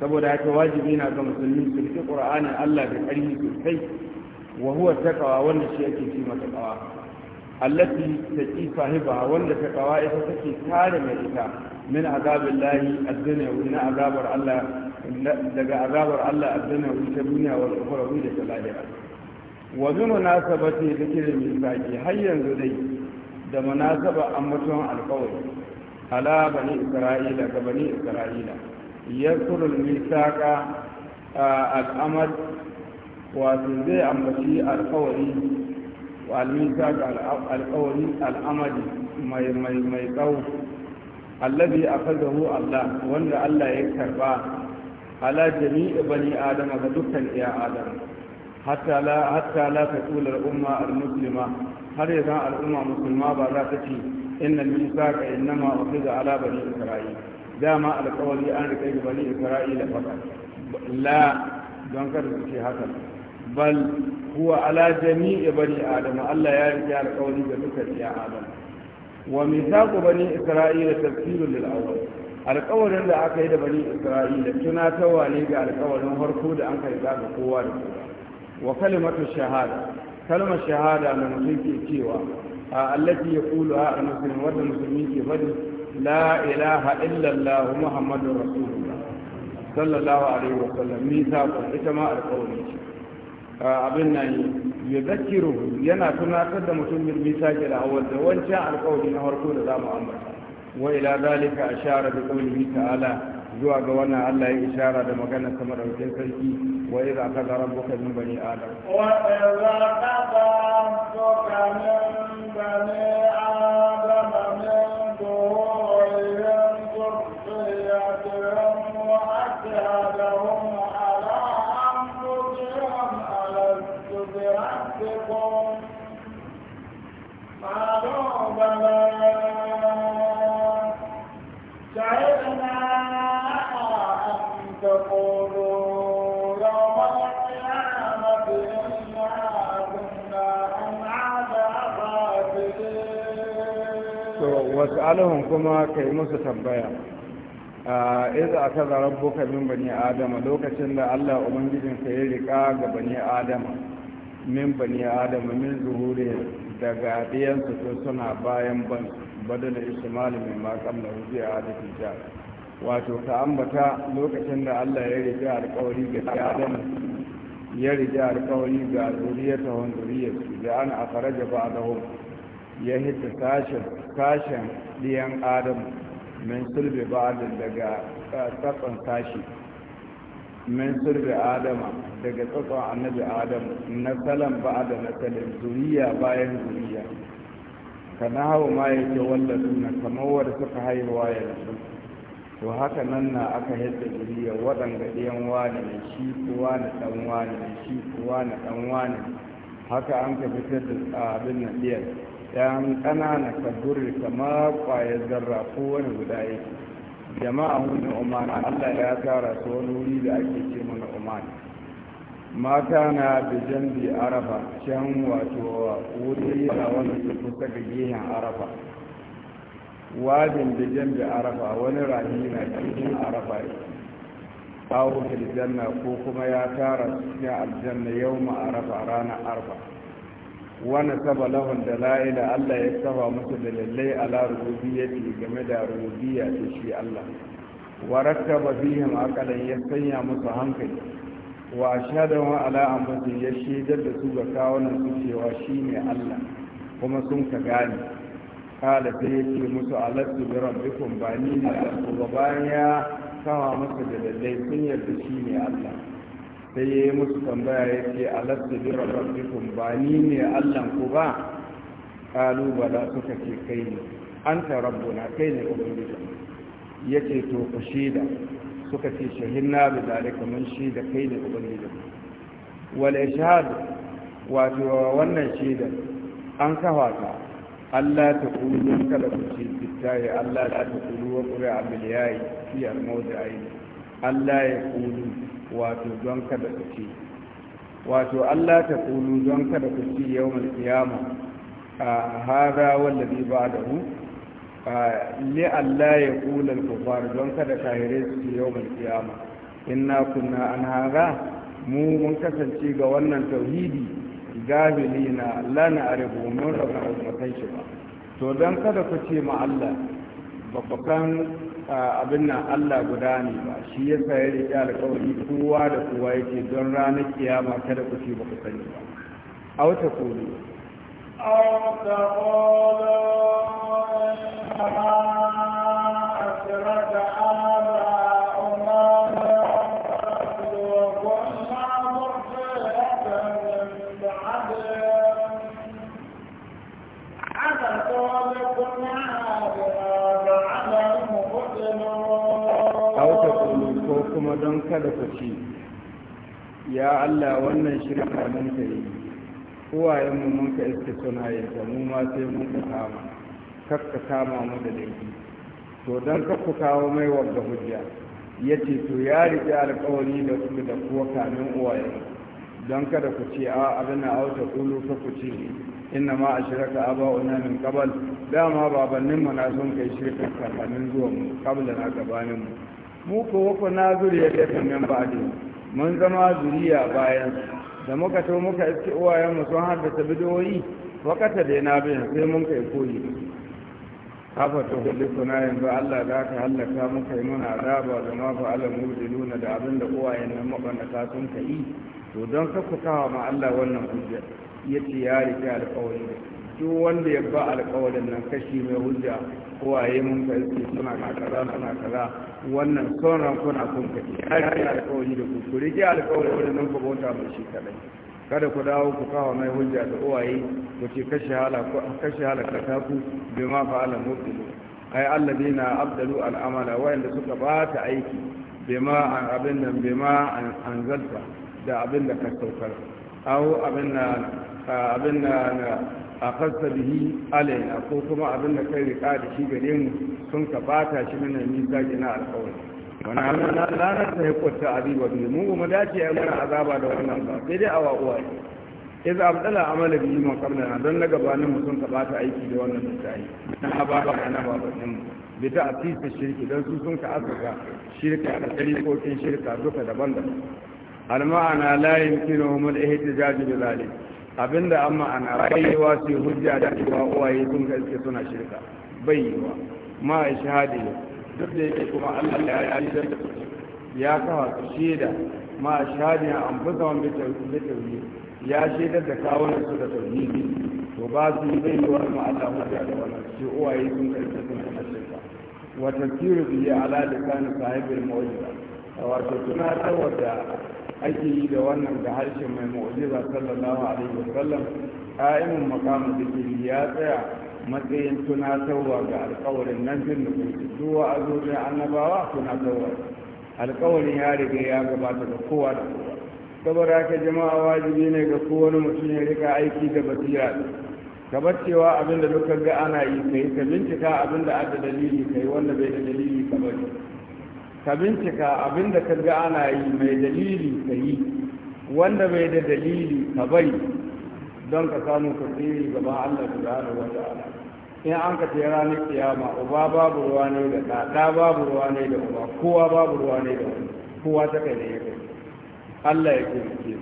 saboda haka wajibi na ga musulmi su riƙe ƙur'ani Allah da ƙarfi sosai wa huwa taqwa wanda shi ake ci mata taqwa allati taqi sahiba wanda taqwa ita take kare mai ita من عذاب الله الدنيا ومن عذاب الله الدنيا ومن عذاب الله الدنيا ومن عذاب الله الدنيا ومن عذاب الله الدنيا الدنيا الدنيا ومن ومن عذاب عذاب الله الله وبمناسبه ذكر الميثاق هي يانزو دي ده مناسبه امتون القول على بني اسرائيل كبني اسرائيل يذكر الميثاق آه، الامر وذي امتي القول والميثاق القول الامر ما ما ما يقول allazi akhadahu Allah wanda Allah ya karba ala jami'i bani adam ga dukkan iya adam hatta la hatta la taqula al-umma al-muslima har yanzu al'umma musulma ba za ta ce inna al-misaqa innama ukhidha ala bani isra'il dama alƙawari an rike ga bani isra'ila faɗa la don kar su ce haka bal huwa ala jami'i bani adam Allah ya rike alƙawari ga dukkan iya adam wa mithaqu bani isra'ila tafsirun lil awwal alƙawarin da aka yi da bani isra'ila tunatarwa ne ga alƙawarin harko da an kai ga kowa da kowa wa kalimatu shahada kalma shahada na mutum ke cewa a allati yaqulu a muslim wanda musulmi ke faɗi la ilaha illallah muhammadur rasulullah sallallahu alaihi wa sallam mithaqu ita ma alƙawari ce abin nan ya zakiru yana tunatar da mutum bil sake da awal da wancan alƙawari na farko da zamu ambata wa ila zalika ashara bi qawlihi ta'ala zuwa ga wannan Allah ya ishara da magana kamar da wajen sarki wa idza qada rabbuka min bani adam wa idza qada rabbuka min bani adam min wasu'alihun kuma ka yi musu tambaya a iza aka zarar bukamin bani adama lokacin da allah umar gijinka ya riƙa ga bani adama min bani adam min zuhuri daga ɗiyansu to suna bayan ban badala ismailu min ma kamna huzi a ja wato ka ambata lokacin da allah ya rige alkawari ga adam ya rige alkawari ga zuriyata wa zuriyarsu da an akaraja ba da ya hita tashin sashen ɗiyan adam min sulbe ba daga eh, tsatsan sashi min sirri adama daga tsatson annabi Adamu. na salam ba da na salam zuriya bayan zuriya ka na hau ma ya na kamar wadda suka haihuwa yanzu to haka nan na aka yadda zuriya waɗanda ɗiyan wani ne shi kuwa na ɗan wani ne shi kuwa na ɗan wani haka an ka fitar da abin na ɗiyar ɗan ƙanana ka kama kamar ƙwayar zarra kowane guda yake jama'a min oman allah ya tara su wani wuri da ake ce mana umarni. mata na da jambi arafa can wato wuri da wani su kusa ga gehen arafa wajen da jambi arafa wani rahi na cikin arafa da janna ko kuma ya tara cikin aljanna yau ma arafa ranar arafa wani saba lahun da la'ila Allah ya saba musu lallai ala rububiyyati game da rububiyya ta shi Allah wa rattaba fihim aqalan ya sanya musu hankali wa ashhadu ala anfusihim ya shaidar da su ga kawunan su cewa shine Allah kuma sun ka gane kala sai ce musu alastu bi rabbikum ba ni ne ba bayan ya kawo musu lallai sun yarda shine Allah sai ya yi musu tambaya ya ce alastu bi rabbikum ba ni ne allah ku ba kalu bala suka ce kai ne an ta rabbuna kai ne ubangiji ya ce to ku shida suka ce na bi zalika mun shida kai ne ubangiji wal ishhad wato wannan shida an kafa ta Allah ta kulu kada ku ce bittaye Allah da ta kulu wa qura bil yayi fi da mawdi'ain Allah ya kulu wato don kada ku ci wato Allah ta kulu don kada ku ci yau mai kiyama a hada wallabi ba da mu li Allah ya kula kufar don kada kahirai su ci yau mai kiyama inna kunna an hada mu mun kasance ga wannan tauhidi Gabili na Allah na arihu mun rabu ba shi ba to don kada ku ce ma Allah ba ku kan abin nan Allah guda ne ba shi ya sa ya riƙe alƙawari kowa da kowa ce don ranar kiyama kada ku ce ba ku sani ba a wata kulu kada ku ce ya Allah wannan shirka mun ka yi mu mun ka iske suna yin ta mu ma sai mun ka kama kar ka kama mu da laifi to don ka ku kawo mai wanda hujja ya ce to ya riƙe alƙawari da su da kuwa kamin uwayen don kada ku ce a abin na auta kulu ka ku ce inna ma a shirka aba bauna min kabal dama babanninmu na sun kai shirka kakannin zuwa mu kabla na gabanin mu mu ko wako na zuriya da kan ba ba'di mun zama zuriya bayan da muka to muka iske uwayen mu sun haddasa bidoyi wakata da na bin sai mun kai koyi kafa to kulli kuna yanzu Allah za ka halaka muka yi muna azaba da ma fa ala mudiluna da abin da uwayen nan mabannata sun kai to don kakkutawa ma Allah wannan hujja yace ya rike alƙawari duk wanda ya ba alƙawarin nan kashi mai hujja kowaye mun ka suna kaza suna kaza wannan sauran kuna kun ka yi alkawari da ku ku rike alkawari wani nan ku bauta mai shi kadai kada ku dawo ku kawo mai hujja da uwaye ku ce kashe hala ku kashe hala ka ku bai ma fa ala mubdilu ai na abdalu al'amala wayanda suka bata aiki bai ma an abin nan bi ma an zalta da abin da ka saukar au abin na abin na a kasta bihi alaina ko kuma abin da kai rika da shi gare mu sun ka bata shi mana nisa gina alƙawari wani hannun ranar ta ya kwata abi wa biyu mu kuma dace ya mana azaba da wannan ba sai dai awa uwa ne iza abdala amala bihi ma qabla don na gabanin mu sun ka bata aiki da wannan mutane na ba na ba mu bi ta asisa shirki don su sun ka asuka shirka da kin shirka duka daban-daban al ma'ana la yumkinuhum al ihtijaj bi zalik abinda amma ana su yi hujja da cewa uwaye sun ga iske suna shirka bai yiwa ma a shahadi duk da yake kuma Allah ya yi da ya kawo su shaida ma a shahadi a amfusa wanda ta tauri ya shaidar da kawunan su da ne to ba su yi bai wa ma Allah hujja da wannan ce uwaye sun ga iske suna shirka wata tafsiru biyu ala lisan sahibul mawjud wato tunatarwa da ake yi da wannan da harshen mai mu'jiza sallallahu alaihi wa wasallam qa'imun maqamu zikiri ya tsaya matsayin tunatarwa ga alƙawarin nan din da kuma a azuri annabawa tunatarwa alƙawarin ya riga ya gabata ga kowa da kowa saboda haka jama'a wajibi ne ga kowane mutum ya rika aiki da basira ka bar cewa abin da duka ga ana yi kai ka bincika abin da aka dalili kai wanda bai da dalili ka bari ka bincika abin da ka ga ana yi mai dalili ka yi wanda bai da dalili ka bari don ka samu ka tsiri gaba Allah subhanahu wa ta'ala in an ka ce ranar kiyama uba babu ruwa ne da ɗa ɗa babu ruwa ne da uba kowa babu ruwa ne da wani kowa ta kai ne ya kai Allah ya ke muke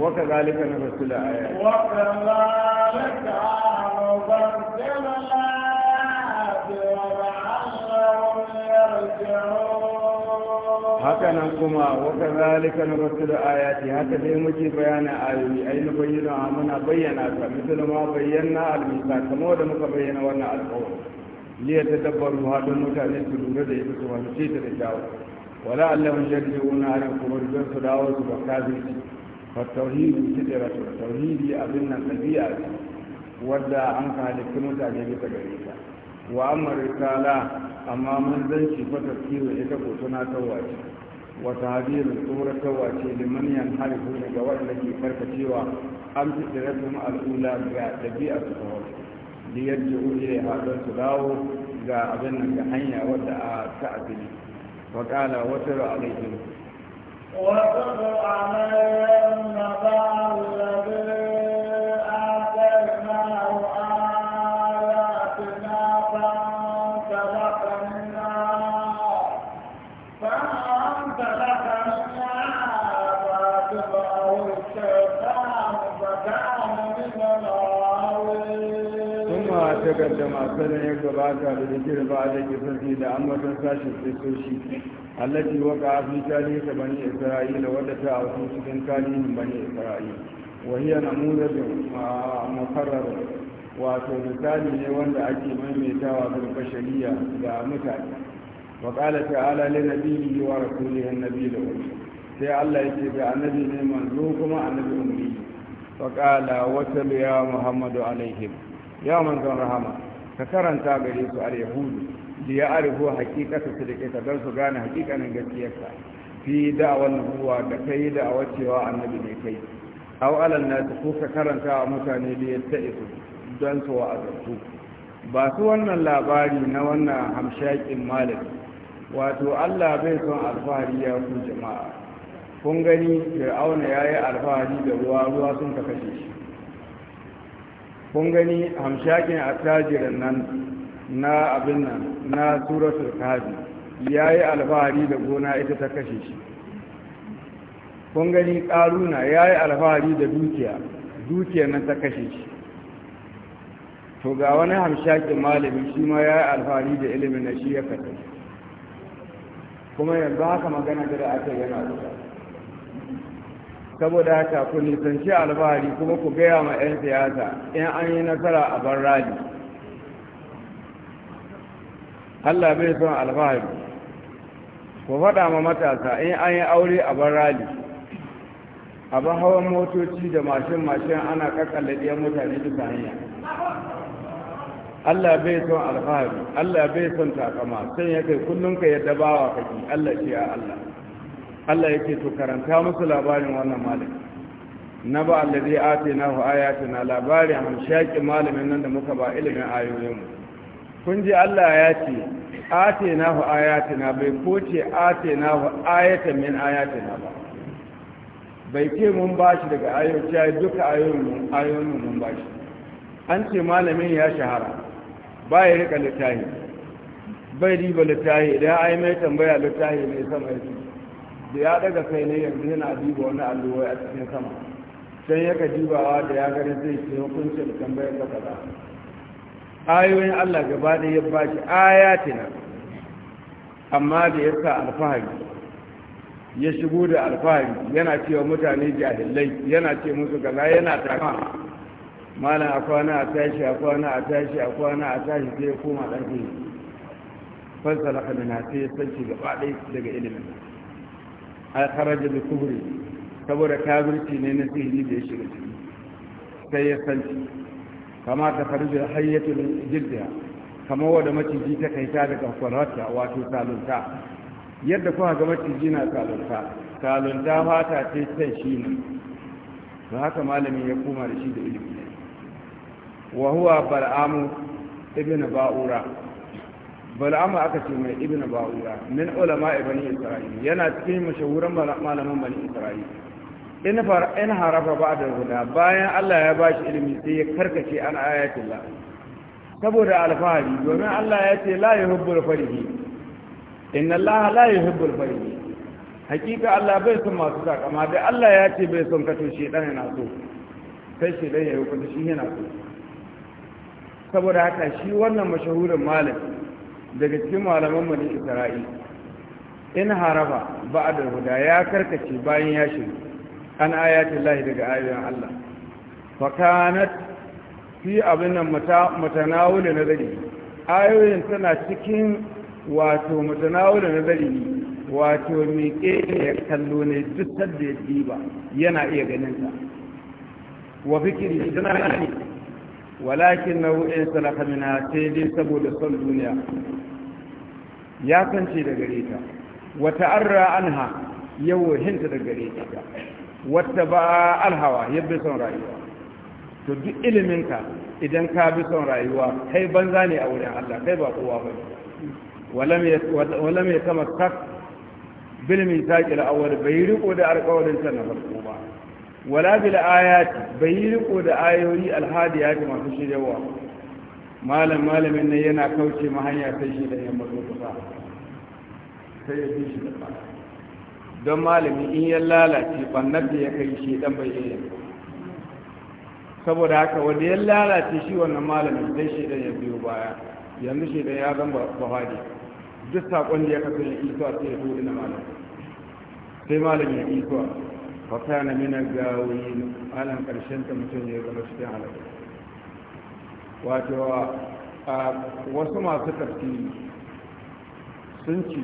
wa ka zalika na fasula aya wa ka zalika na fasula aya haka nan kuma waka zalika na wasu da ayati haka dai muke bayana ayoyi ai na bayyana muna bayyana ta misali ma bayyana al-misal kamar da muka bayyana wannan al-qawl liya ta dabbaru hadin mutane su lura da yadda su ce ta da kyawu wala allahun jaddi na ran kuma don su dawo su ga kafirci fa tauhidi sidira tauhidi abin nan ɗabi'a wadda an ka halitta mutane bisa gare ta wa amma risala amma manzanci fa tafkiru ita ko tana tawace wa tahdiru tsora tawace liman ne daga wanda ke cewa an fitratum al'ula ga dabi'a su ta wasu da yadda ujire hadon su dawo ga abin nan ga hanya wadda a ta asili wa kala wata ra'ayi وَقَدْ عَمَلْنَا بَعْضَ الَّذِينَ tafsirin ya gabata da zikir ba da ke sarki da ambaton sashen kristoci allaci waka a fi tarihi bani isra'ila wadda ta auku cikin tarihin bani isra'ila wahiyar namuna da makarar wato misali ne wanda ake maimaitawa ga shari'a da mutane wa qala ta'ala lin nabiyyi wa rasulihi an-nabiy da sai Allah yake ga annabi ne manzo kuma annabi ummi fa qala wa ya muhammadu alaihim ya manzon rahama ka karanta gare su al-yahudu li su haqiqata sidqika don su gane haqiqanin gaskiyarsa. fi da'awar nubuwa da yi da'awar cewa annabi ne kai aw alal na ko ka karanta wa mutane da yattaisu don su wa'azantu ba su wannan labari na wannan hamshakin malami wato Allah bai son alfahari ya ku jama'a kun gani fir'auna yayi alfahari da ruwa ruwa sun ka kashe shi kun gani hamshakin attajirin nan na abin nan na suratul kazi ya yi alfahari da gona ita ta kashe shi kun gani ƙaruna ya yi alfahari da dukiya dukiya nan ta kashe shi to ga wani hamshakin malami shi ma ya yi alfahari da ilimin na shi ya kashe kuma yanzu haka magana da ake yana kusa saboda haka ku nisanci alfahari kuma ku gaya ma 'yan siyasa in an yi nasara a ban radi allah bai son alfahari ku faɗa ma matasa in an yi aure a ban radi a ban hawan motoci da mashin-mashin ana kakkalle ɗiyan mutane da hanya allah bai son alfahari allah bai son takama sai ya kai kullum ka yadda bawa kaki. allah ce a allah Allah yake to karanta musu labarin wannan malami na ba allazi atina hu ayatina an hamshaki malamin nan da muka ba ilimin ayoyin kun ji Allah ya ce atina hu ayatina bai ko ce atina hu ayatan min ayatina ba bai ce mun bashi daga ayoyi duka ayoyin ayoyin mun bashi an ce malamin ya shahara ba ya rika littahi bai riba littahi idan ai mai tambaya littahi mai sama ya da ya daga kai ne yanzu yana diba wani alluwa a cikin sama sai ya ka dubawa da ya gani zai ce hukuncin tambayar da kaza ayoyin Allah gaba da ya shi ayatina amma da ya sa alfahari ya shigo da alfahari yana cewa mutane jahilai yana ce musu gaza yana takama malam a kwana a tashi a kwana a tashi a kwana a tashi sai ya koma ɗan fasala kamina sai ya sanci gaba ɗaya daga ilimin a kharaja kubri saboda kafirci ne na sihiri da ya shiga ciki sai ya sanci kama ta da hayyatun jildiha kama wadda maciji ta kaita daga kwararta wato salunta yadda kuma ga maciji na salunta salunta fata ce can shi ne da haka malami ya koma da shi da ilimi wa huwa bal'amu ibn ba'ura bala'ama aka ce mai ibn ba'uya min ulama bani isra'ila yana cikin mashahuran malaman bani isra'ila in fara in harafa ba da guda bayan Allah ya bashi ilimi sai ya karkace an ayatullah saboda alfahari domin Allah ya ce la yuhibbul farihi inna Allah la yuhibbul farihi hakika Allah bai son masu takama dai Allah ya ce bai son kato shedan yana so sai shedan ya yi hukunta shi yana so saboda haka shi wannan mashahurin malami daga cikin malaman Mani Isra'ila, in haraba a huda ya karkace bayan ya shi an ayatin lahi daga ayoyin Allah fakanat fi abin nan mutanawul nazari ayoyin tana cikin wato mutanawul nazari wato miƙe ya kallo ne duk sadda ya diba yana iya ganin ta wa fikiri tana ne walakin na wuɗe salakamina mina sai dai saboda son duniya ya kance da gare ta wata arra anha ya wahinta da gare ta wata ba alhawa ya bi son rayuwa to duk iliminka idan ka bi son rayuwa kai banza ne a wurin Allah kai ba kowa ba walam ya kama kak bilmin taƙil awal bai riko da alƙawarin ta na farko ba wala bil ayati bai yi riko da ayoyi alhadiya ga masu shiryawa malam malamin nan yana kauce ma hanya sai shi da yan mazo kusa sai ya shi da ba don malami in ya lalace bannar da ya kai shi dan bai iya saboda haka wanda ya lalace shi wannan malamin sai shi da ya biyo baya yanzu shi da ya zan bahadi duk sakon da ya kasance isuwa sai ya hudu na malam sai malamin ya isuwa fakana من karshen ta mutum ya zama cikin halaka wato wasu masu tafsiri sun ci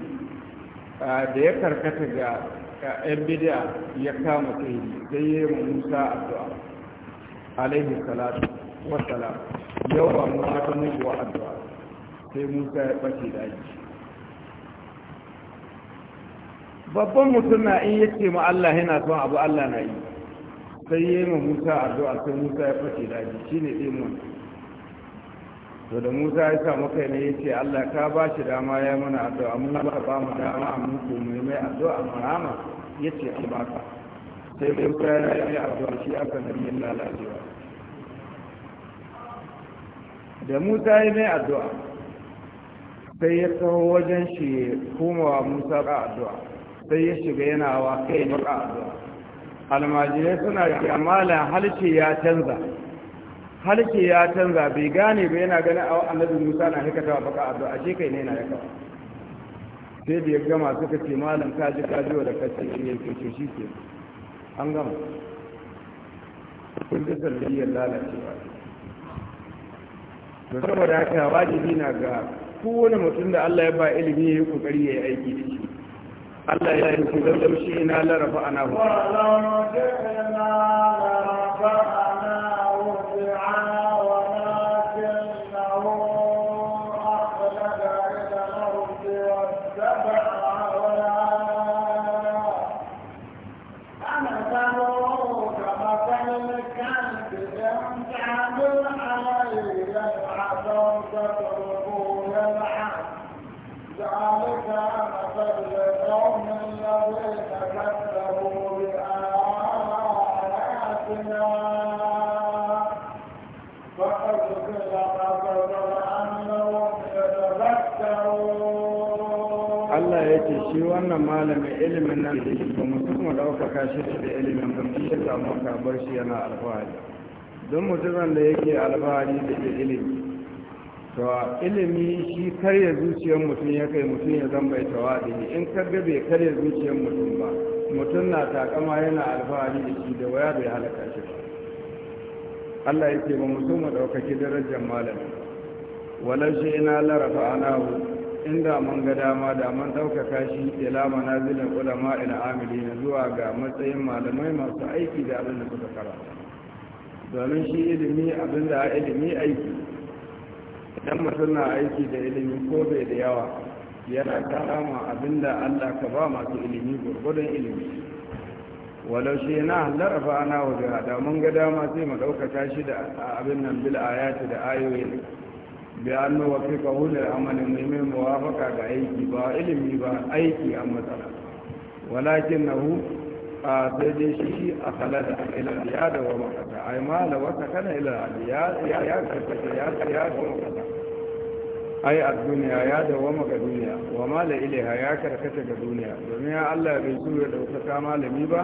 da ya karkata ga ƴan bidiya ya kama tsaye zai yi musa addu'a alaihi salatu wasalam yau ba mu ta mutuwa addu'a sai musa ya ɓace da aiki babban mutum na in yake ma Allah yana son abu Allah na yi sai yi ma Musa addu'a sai Musa ya fashe daji shine ɗin mun to da Musa ya samu kai ne yace Allah ka ba shi dama ya mana addu'a mun ba ba mu dama amma ko mai mai addu'a marama yace an ba ka sai Musa ya yi addu'a shi aka nabi Allah lalacewa da Musa ya mai addu'a sai ya taho wajen shi komawa Musa ba addu'a sai ya shiga yana wa kai baka addu'a almajirai suna da amala halce ya canza halce ya canza bai gane ba yana ganin a annabi musa na hikata baka addu'a ashe kai ne na yaka sai da ya gama suka ce malam ka ji kajiwa da kace shi ne ke shi ke an gama kun ji sanadiyyar lalacewa Ba saboda haka wajibi na ga kowane mutum da Allah ya ba ilimi ya yi kokari ya yi aiki da shi Allah ya yi su don damshi ina larafa ana malamin ilimin nan da shi ba musamman ɗaukaka shi da ilimin ba shi ya samu kabar shi yana alfahari don mutumin da yake alfahari da ke ilimi to ilimi shi karya zuciyar mutum ya kai mutum ya zan bai tawadi in ka bai karya zuciyar mutum ba mutum na takama yana alfahari da shi da waya bai halaka shi ba Allah yake ba mutum mu ɗaukaki darajar malami walau shi ina larafa anahu inda mun ga dama da mun ɗaukaka shi ila manazilin ulama ila amili na zuwa ga matsayin malamai masu aiki da abin da suka karanta domin shi ilimi abin da ilimi aiki idan mutum na aiki da ilimi ko bai da yawa yana karama abin da allah ka ba masu ilimi gurgudun ilimi walau shi na larafa ana wajen da mun ga dama sai mu ɗaukaka shi da abin nan bil ayati da ayoyi bi an nuwaffiqa hu lil amali mai muwafaqa ga aiki ba ilimi ba aiki a matsala walakinahu a sai dai shi shi a salada ila ya da wa makata ai mala wata kana ila ya ya ya karkata ya ya da makata ai a duniya ya da wa maka duniya wa mala ilaha ya karkata ga duniya domin ya Allah bai so ya dauka malami ba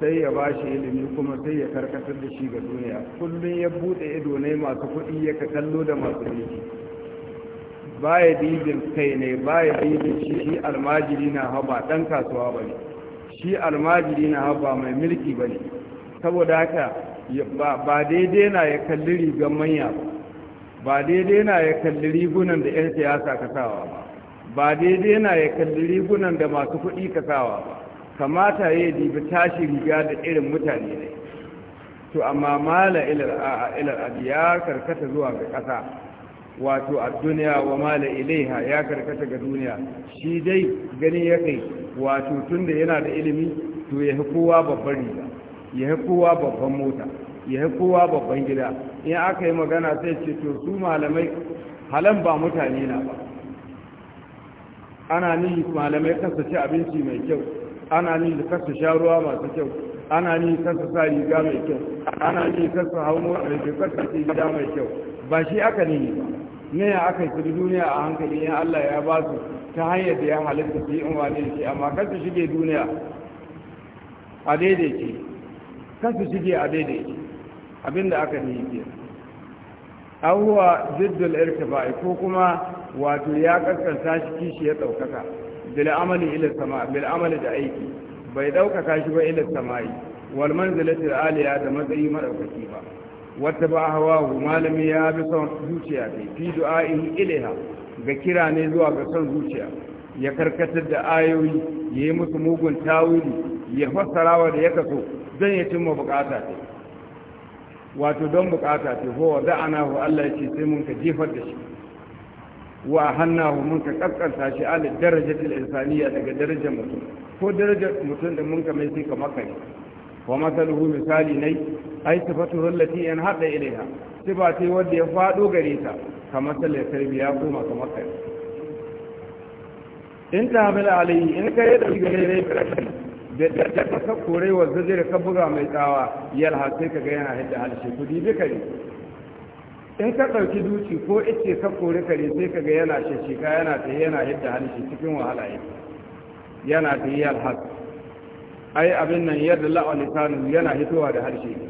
sai ya ba shi ilimi kuma sai ya karkatar da shi ga duniya kullum ya bude ido ne masu kuɗi ya ka kallo da masu Ba ya dibin kai ne ba ya dibin shi Shi almajiri na haba dan kasuwa bane shi almajiri na haba mai mulki bane saboda haka ba daidai na ya kalli rigar manya ba ba daidai na ya kalli rigunan da 'yan siyasa kasawa ba ba daidai na ya kalli rigunan da masu kuɗi kasawa ba kamata ya yi dibi tashi riga da irin mutane ne to amma mala ilar abu ya karkata zuwa ga ƙasa wato a duniya wa mala ilaiha ya karkata ga duniya shi dai gani ya kai wato tun da yana da ilimi to ya kowa babban riga ya kowa babban mota ya kowa babban gida in aka yi magana sai ce to su malamai halan ba mutane na ba ana ni malamai kasa ci abinci mai kyau ana ni da kasu sha ruwa masu kyau ana ni kasu sa riga mai kyau ana ni kasu hau mu a kyau kasu ci gida mai kyau ba shi aka ne ba ne ya aka yi duniya a hankali in Allah ya ba su ta hanyar da ya halitta su yi in wane shi amma kasu shige duniya a ce kasu shige a ce abinda aka ne ke abuwa jiddul irtifa'i ko kuma wato ya kaskanta shi kishi ya ɗaukaka bil amali ila sama bil amali da aiki bai daukaka shi ba ila samai wal manzilatil aliya da matsayi madaukaki ba wata ba hawahu malami ya bi son zuciya ne fi du'a'ihi ilaiha ga kira ne zuwa ga son zuciya ya karkatar da ayoyi ya yi musu mugun tawili ya wa da ya kaso zan ya cimma bukata ce wato don bukata ce ho da ana ho Allah ya ce sai mun ka jefar da shi wa hannahu mun ka kaskanta shi ala darajatul insaniya daga darajar mutum ko darajar mutum da mun ka mai sai kamar kai wa masaluhu misali nai ai sifatu allati yan hada ilaiha sifati wanda ya fado gare ta kamar sallar tarbiya ko kamar kai in ta bala alai in kai da gare ne da da ka kore wa zazira ka buga mai tsawa yalha sai ka ga yana hidda halshe kudi duka ne in ka ɗauki duci ko ice ka kori kare sai ka ga yana shashika yana ta yana yadda harshe cikin wahala yake yana ta yi alhaq ai abin nan yadda la'a lisanu yana hitowa da harshe ne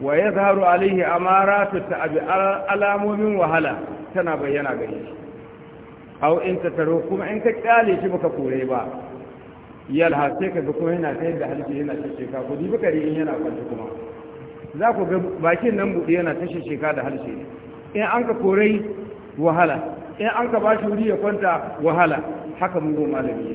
wa ya zaharu alaihi amaratu ta abin alamomin wahala tana bayyana gare shi au in ta taro kuma in ka kyale shi baka kore ba yalha sai ka ga kuma yana ta yadda harshe yana shashika ku kudi baka rigin yana kwanci kuma za ku ga bakin nan buɗe yana tashi sheka da harshe ne in an ka korai wahala in an ka ba shi wuri ya kwanta wahala haka mun goma da biyu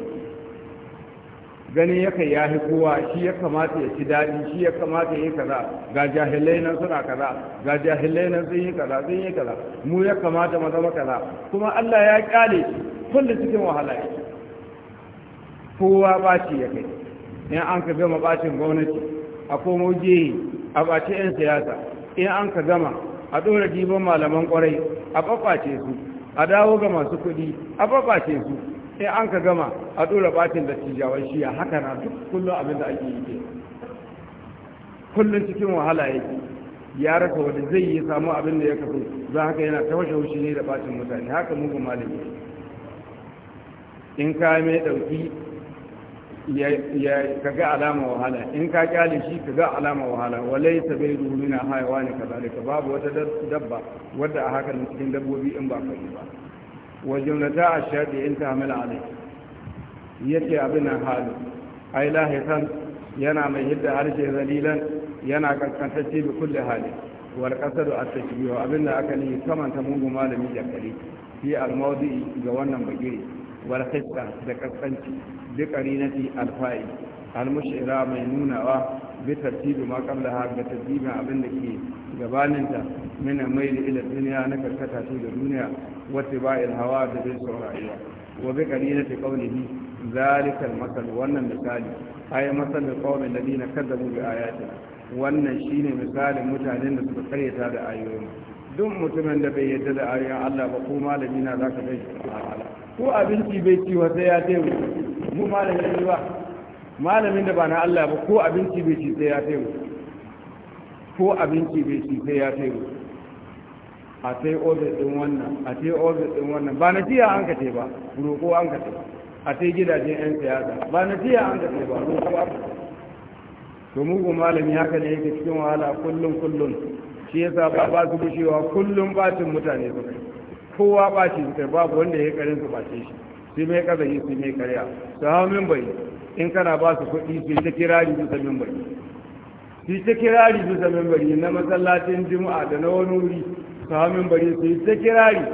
gani ya kai ya kowa shi ya kamata ya ci daɗi shi ya kamata ya yi kaza ga jahilai nan suna kaza ga jahilai nan sun yi kaza sun yi kaza mu ya kamata mu zama kaza kuma Allah ya kyale kullu cikin wahala ya kowa baci ya kai in an ka gama bacin gwamnati a komo jehi a ɓace 'yan siyasa in an ka gama a ɗora jibon malaman ƙwarai a ɓaɓace su a dawo ga masu kuɗi a ɓaɓace su in an ka gama a ɗora ɓacin da shi shiya haka na duk kullum abin da ake yi ke kullum cikin wahala yake ya rasa wanda zai yi samu abin da ya kaso za haka yana ta washe ne da ɓacin mutane haka mugun malami in ka mai ɗauki ya kaga alama wahala in ka kyale shi kaga alama wahala walai ta bai rumina haiwa ne kazalika babu wata dabba wadda a hakan cikin dabbobi in ba kai ba wajen da ta a shaɗi in ta hamila ya yace abin nan A ai lahisan yana mai hidda harshe zalilan yana kaskantacce bi kulli hali wal qasadu at biyu, abin da aka ne kamanta mugun malami jakari fi al mawdi'i ga wannan bagire wal da kaskanci bi qarinati fi fa'i al mai nunawa bi tartibi ma qablaha ga tartibin abin da ke gabaninta mina mai da ila duniya na karkata ce da duniya wata ba'il hawa da bin son rayuwa wa bi qarinati qawlihi zalika al masal wannan misali ay masal qawmin ladina kadzabu bi ayatina wannan shine misalin mutanen da suka karyata da ayoyin duk mutumin da bai yadda da ayoyin Allah ba ko malami na zaka kai ko abinci bai ci wa sai ya ce mu malami ne ba malamin da ba na Allah ba ko abinci bai ci sai ya ce ko abinci bai ci sai ya ce a sai ofis din wannan a sai ofis din wannan ba na jiya an kace ba roƙo an kace a sai gidajen yan siyasa ba na jiya an kace ba roƙo ba kace to mugun malami haka ne yake cikin wahala kullum kullum shi yasa ba ba su gushewa kullum bacin mutane su kai kowa shi su kai babu wanda ya karin su bace shi sai mai kazayi sai mai karya su hau min bai in kana ba su kuɗi su ta kirari bisa min bai su ta kirari bisa min bai na masallacin juma'a da na wani wuri su hau min bai su ta kirari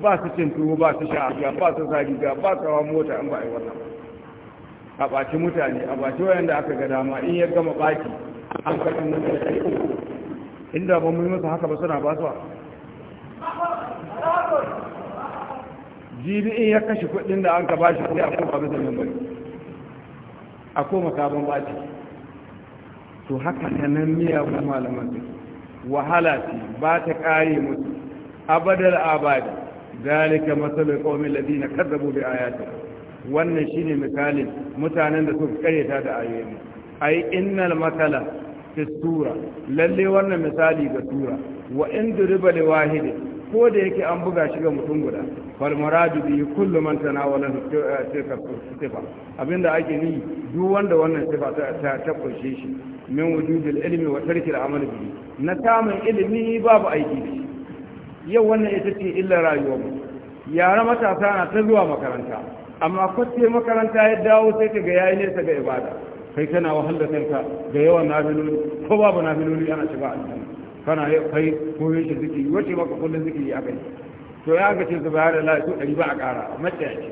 ba su cin tuwo ba su sha ba su sa riga ba su hawa mota in ba a yi wannan a ɓaci mutane a ɓaci wayanda aka ga dama in ya gama ɓaci an kaɗin mutane inda ba mu yi masa haka ba suna ba su jibi'in ya kashe kudin da an ka ba shi kudi a kofa bisa min ba, a koma sabon baci to haka ta nan miyagun malaman su wahala ce ba ta kare musu abadal abadi dalika matsalar kawai ladina kazzabu bi ayatin wannan shine misalin mutanen da suka karyata da ayoyi ai innal makala. fi sura lalle wannan misali ga sura wa in duriba li wahid ko da yake an buga shi ga mutum guda fal muradu bi kullu man tanawala tilka eh, sifa abinda ake ni duk wanda wannan sifa ta ta kunshe shi min wujudil ilmi wa tarkil amal bi na samun ilimi babu aiki yau wannan ita ce illa rayuwarmu yara matasa na ta zuwa makaranta amma kwace makaranta ya dawo sai ka ga yayi nesa ga ibada kai kana wahal da kanka ga yawan nafiloli ko babu nafiloli ana shiga aljanna kana kai koyon shi zikiri wace maka kullum zikiri a kai to ya ga ce su bayar da lafi ɗari ba a ƙara matsayaci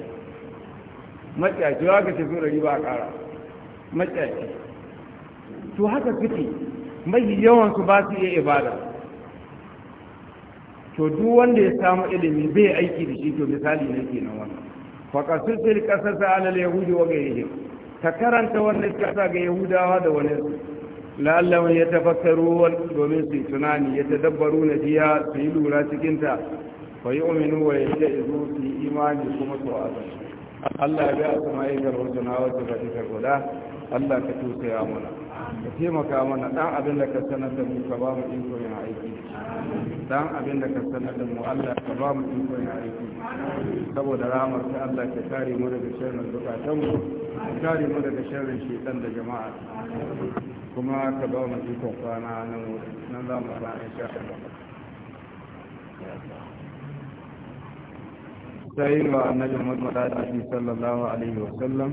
matsayaci ya ga ce su ɗari ba a ƙara matsayaci to haka suke mai yawan su ba su iya ibada to duk wanda ya samu ilimi bai aiki da shi to misali ne kenan wannan faqasul fil qasasa ala yahudi wa ghayrihim ka karanta wannan kasa ga yahudawa da wani su la'allahu ya tafakkaru domin su tunani ya tadabbaru na jiya su yi lura cikin ta fa yi uminu wa ya ce izu su yi imani kuma su wa'aza Allah ya bi a sama yi ga tikar guda Allah ka tausaya mana ka taimaka mana dan abin da ka sanar da mu ka ba mu iko yin aiki dan abin da ka sanar da mu Allah ka ba mu iko yin aiki saboda ramar ka Allah ka kare mu daga sharrin zukatan mu ka kare mu daga sharrin shedan da jama'a kuma ka ba mu iko kwana nan nan za mu kwana insha Allah sai ga annabi Muhammad sallallahu alaihi wasallam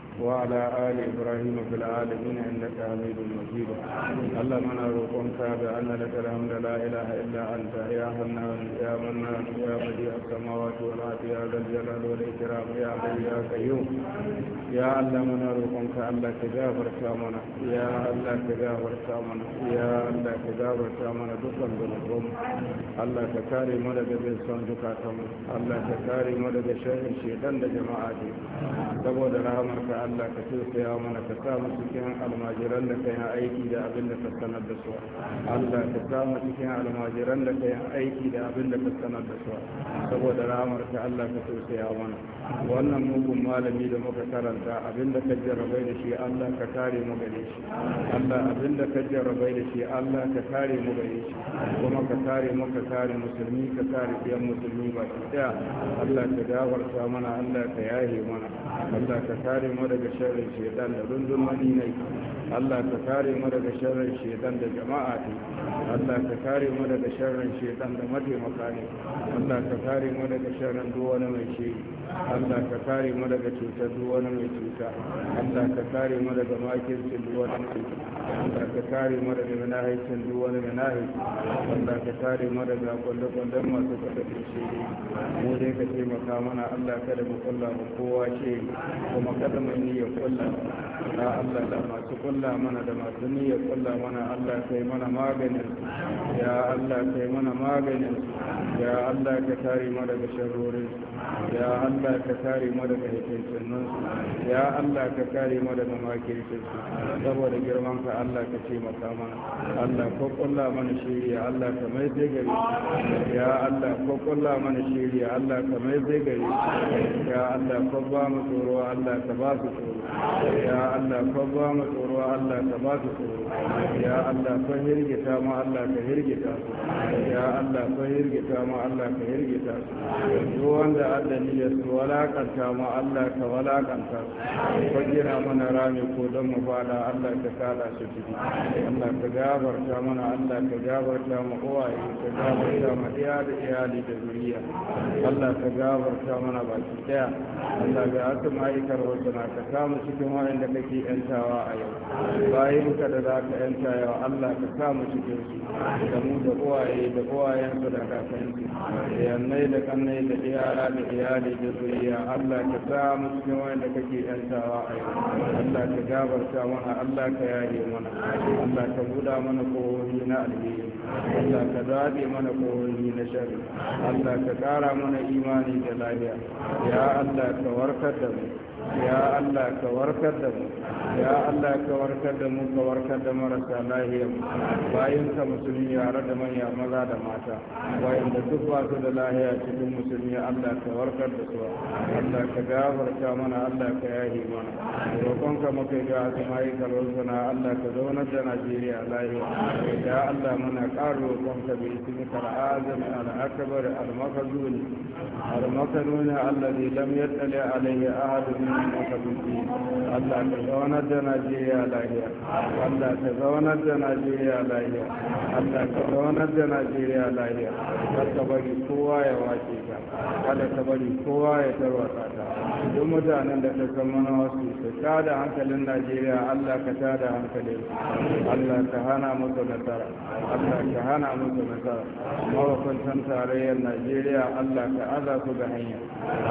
وعلى آل إبراهيم في العالمين إنك حميد مجيد اللهم أنا روحك بأن لك الحمد لا إله إلا أنت يا حنان يا منان يا بديع السماوات والأرض يا ذا الجلال والإكرام يا حي يا قيوم يا الله أنا روحك الله تجاهر سامنا يا الله تجاهر سامنا يا الله تجاهر سامنا دكان بنقوم الله تكاري مدد بنسان دكاتم الله تكاري مدد شيء شيطان لجماعتي تبود رحمك Allah ka tausaya mana ka sa mu cikin almajiran da kai aiki da abin da ka sanar da su Allah ka sa mu cikin almajiran da kai aiki da abin da ka sanar da su saboda ramar ka Allah ka tausaya mana wannan mugun malami da muka karanta abin da ka jarrabai da shi Allah ka kare mu gare shi Allah abin da ka jarrabai da shi Allah ka kare mu gare shi kuma ka kare mu ka kare musulmi ka kare biyan musulmi ba ki daya Allah ka dawarta mana Allah ka yahe mana Allah ka kare mu da daga sharrin shaitan da rundun madinai Allah ka kare mu daga sharrin shaitan da jama'a ne Allah ka kare mu daga sharrin shaitan da mataimaka ne Allah ka kare mu daga sharrin duk mai shiri Allah ka kare mu daga cuta duk wani mai cuta Allah ka kare mu daga makirci duk wani mai Allah ka kare mu daga manahicin duk wani manahi Allah ka kare mu daga kwalle-kwallen masu kasafin shi mu dai ka taimaka mana Allah kada mu kulla mu kowa ce kuma kada mu niyyar kulla na Allah da masu kulla mana da masu niyyar kulla mana Allah kai mana maganin ya Allah kai mana maganin ya Allah ka kare mu daga sharorin ya Allah Allah ka kare mu daga hikaicin nan ya Allah ka kare mu daga makircin su saboda girman ka Allah ka ce maka mana Allah ko kulla mana shiri ya Allah ka mai zai gare ya Allah ko kulla mana shiri ya Allah ka mai zai gare ya Allah ko ba mu tsoro Allah ka ba su tsoro ya Allah ko ba mu tsoro Allah ka ba su tsoro ya Allah ko hirgita mu Allah ka hirgita su ya Allah ko hirgita mu Allah ka hirgita su duk wanda Allah ne ya so walakanta mu Allah ka walakanta ka gina mana rami ko don mu fada Allah ka kada su ciki Allah ka gabarta mana Allah ka gabarta mu uwaye ka gabarta mu iya da iyali da zuriya Allah ka gabarta mana baki daya Allah ga asu ma'aikar wasu na ka samu cikin waɗanda kake yantawa a yau bayan ka da za ka yanta yau Allah ka samu cikin su da mu da uwaye da uwayensu da kakansu da yannai da kannai da iyara da iyali da zuriya Allah ka sa mu cikin wanda kake yantawa a yau Allah ka gabarta mana Allah ka yaye mana Allah ka buda mana kohohi na alheri Allah ka zabe mana kohohi na shari Allah ka kara mana imani da lafiya ya Allah ka warkar da mu ya Allah ka warkar da mu ya Allah ka warkar da mu ka warkar da marasa lahiya bayan ka musulmi yare da manya maza da mata wayanda duk ba su da lahiya cikin musulmi Allah ka warkar da su Allah ka gafarta mana Allah ka yahi mana roƙon ka muka ga asmai kalwar sana Allah ka zauna da Najeriya lahiya ya Allah muna ƙaro roƙon ka bi ismika al-azam al-akbar al-makazuni al-makanuni alladhi lam yattali alayhi ahadun Allah ka zaunar da Najeriya lahiya Allah ka zaunar da Najeriya lahiya Allah ka zaunar da Najeriya lahiya kar ka bari kowa ya wace ka kada ka bari kowa ya tarwata ta duk mutanen da ka san mana wasu su tada hankalin Najeriya Allah ka tada hankalin Allah ka hana musu nasara Allah ka hana musu nasara mawakantan tarayyar Najeriya Allah ka aza su ga hanya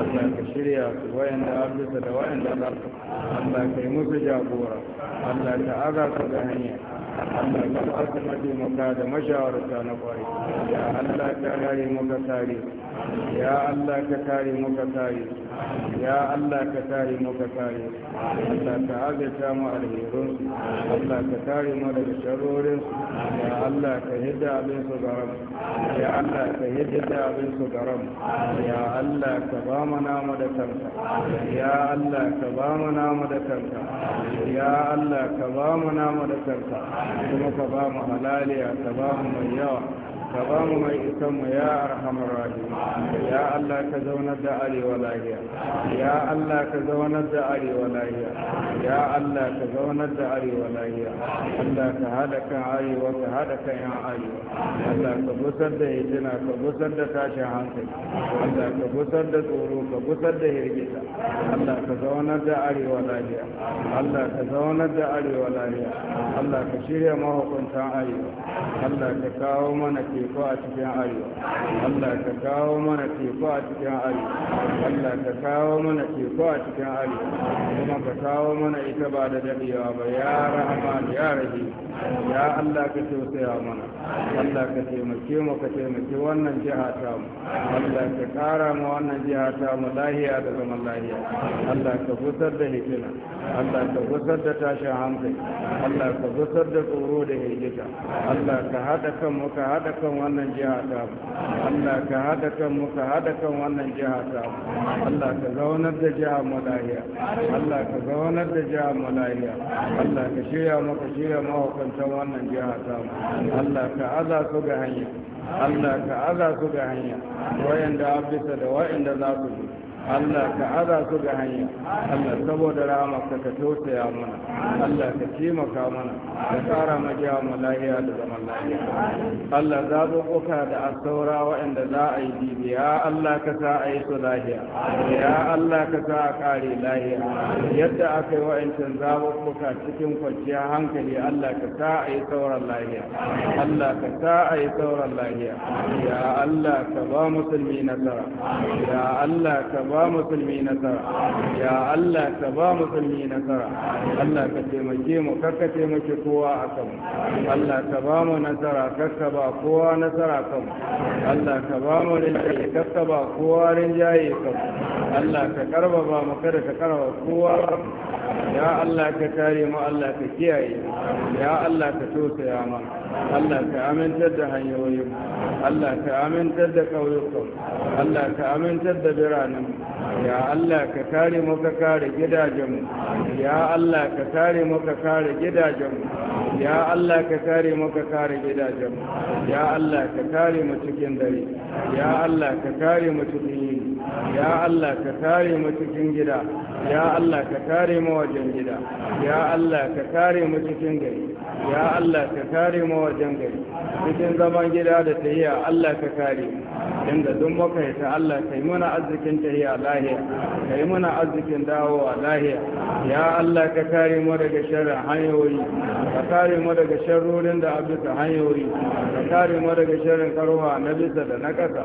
Allah ka shirya su wayanda an bisa da da waɗanda za su Allah musu jagora Allah ta su da hanya Allah ka ba su mataimaka da mashawarta na kwari ya Allah ka kare maka kare ya Allah kare kare ya Allah ka kare mu ka kare Allah ka agaita mu alherun Allah ka kare mu daga sharorin ya Allah ka hidda abin su garam ya Allah ka hidda abin su garam ya Allah ka ba mu namu da kanka ya Allah ka ba mu namu da kanka ya Allah ka ba mu namu da kanka kuma ka ba mu halaliya ka ba mu mai yawa ka ba mu mai isan ya arhamar rahim ya Allah ka zaunar da arewa lahiya ya Allah ka zaunar da arewa lahiya ya Allah ka zaunar da arewa lahiya Allah ka hada kan arewa ka hada kan yan arewa Allah ka busar da hijina ka busar da tashin hankali Allah ka busar da tsoro ka busar da hirgita Allah ka zaunar da arewa lahiya Allah ka zaunar da arewa lahiya Allah ka shirya mahukuntan arewa Allah ka kawo mana ke teku a cikin arewa Allah ka kawo mana teku a cikin arewa Allah ka kawo mana teku a cikin arewa kuma ka kawo mana ita ba da dadewa ba ya rahman ya rahim ya Allah ka tausaya mana Allah ka taimake mu ka taimake wannan jiha ta mu Allah ka kara mu wannan jiha ta mu lahiya da zaman lahiya Allah ka gusar da hikima Allah ka gusar da tashin hankali Allah ka gusar da tsoro da hirgita Allah ka haɗa kan mu ka haɗa kan kan wannan jiha ta Allah ka haɗa kan mu ka haɗa kan wannan jiha ta Allah ka zaunar da jiha Malaya. Allah ka zaunar da jiha Malaya. Allah ka shirya maka shirya mahukuntan wannan jiha ta Allah ka aza su ga hanya Allah ka aza su ga hanya wayanda abisa da wayanda za su yi Allah ka aza su ga hanya Allah saboda rahamarka ka tausaya mana Allah ka taimaka mana ka tsara majiya mu lahiya da zaman lahiya Allah za zaɓuɓɓuka da asaura waɗanda za a yi bibi ya Allah ka sa a yi su lahiya ya Allah ka sa a kare lahiya yadda aka yi waɗancan zaɓuɓɓuka cikin kwanciyar hankali Allah ka sa a yi sauran lahiya Allah ka sa a yi sauran lahiya ya Allah ka ba musulmi nasara ya Allah ka ba musulmi nasara ya Allah ka ba musulmi nasara Allah ka taimake mu kakka taimake kowa a kan Allah ka ba mu nasara kakka ba kowa nasara kan Allah ka ba mu rinjaye kakka ba kowa rinjaye kan Allah ka karbaba mu kada ka karba kowa ya Allah ka kare mu Allah ka kiyaye ya Allah ka tausaya mana Allah ka amintar da hanyoyin Allah ka amintar da ƙauyukan Allah ka amintar da biranen ya Allah ka kare mu kare gidajenmu ya Allah ka kare mu kare gidajenmu ya Allah ka kare mu kare gidajenmu ya Allah ka kare mu cikin dare ya Allah ka kare mu cikin yini ya Allah ka kare mu cikin gida ya Allah ka kare mu wajen gida ya Allah ka kare mu cikin gari ya Allah ka kare mu wajen gari cikin zaman gida da tahiya Allah ka kare inda duk muka yi ta Allah kai muna arzikin tahiya lahiya kai muna arzikin dawowa lahiya ya Allah ka kare mu daga sharrin hanyoyi ka kare mu daga sharrorin da abisa hanyoyi ka kare mu daga sharrin karuwa na bisa da na ƙasa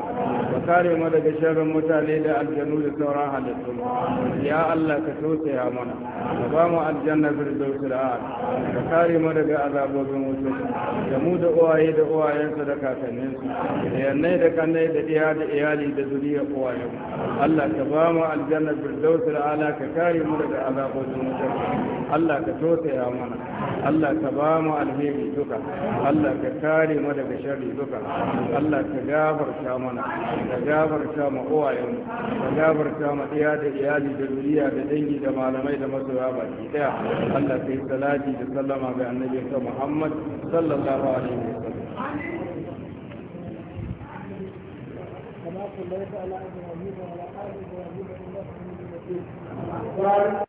ka kare mu daga sharrin mutane da aljanu da sauran halittu ya Allah Allah ka tausaya mana ka ba mu aljanna firdausul a'la ka kare mu daga azabobin wuta da mu da uwaye da uwayensu da kakanninsu da yannai da kannai da iya da iyali da zuriya uwayen Allah ka ba mu aljanna firdausul a'la ka kare mu daga azabobin wuta Allah ka tausaya mana Allah ka ba mu alheri duka Allah ka kare mu daga sharri duka Allah ka gafarta mana ka gafarta ma uwayen ka gafarta ma iya da iyali da zuriya da dangi da malamai da masoya baki daya Allah kai salati da sallama ga annabi ka Muhammad sallallahu alaihi wasallam كما صليت على ابراهيم وعلى ال ابراهيم انك حميد مجيد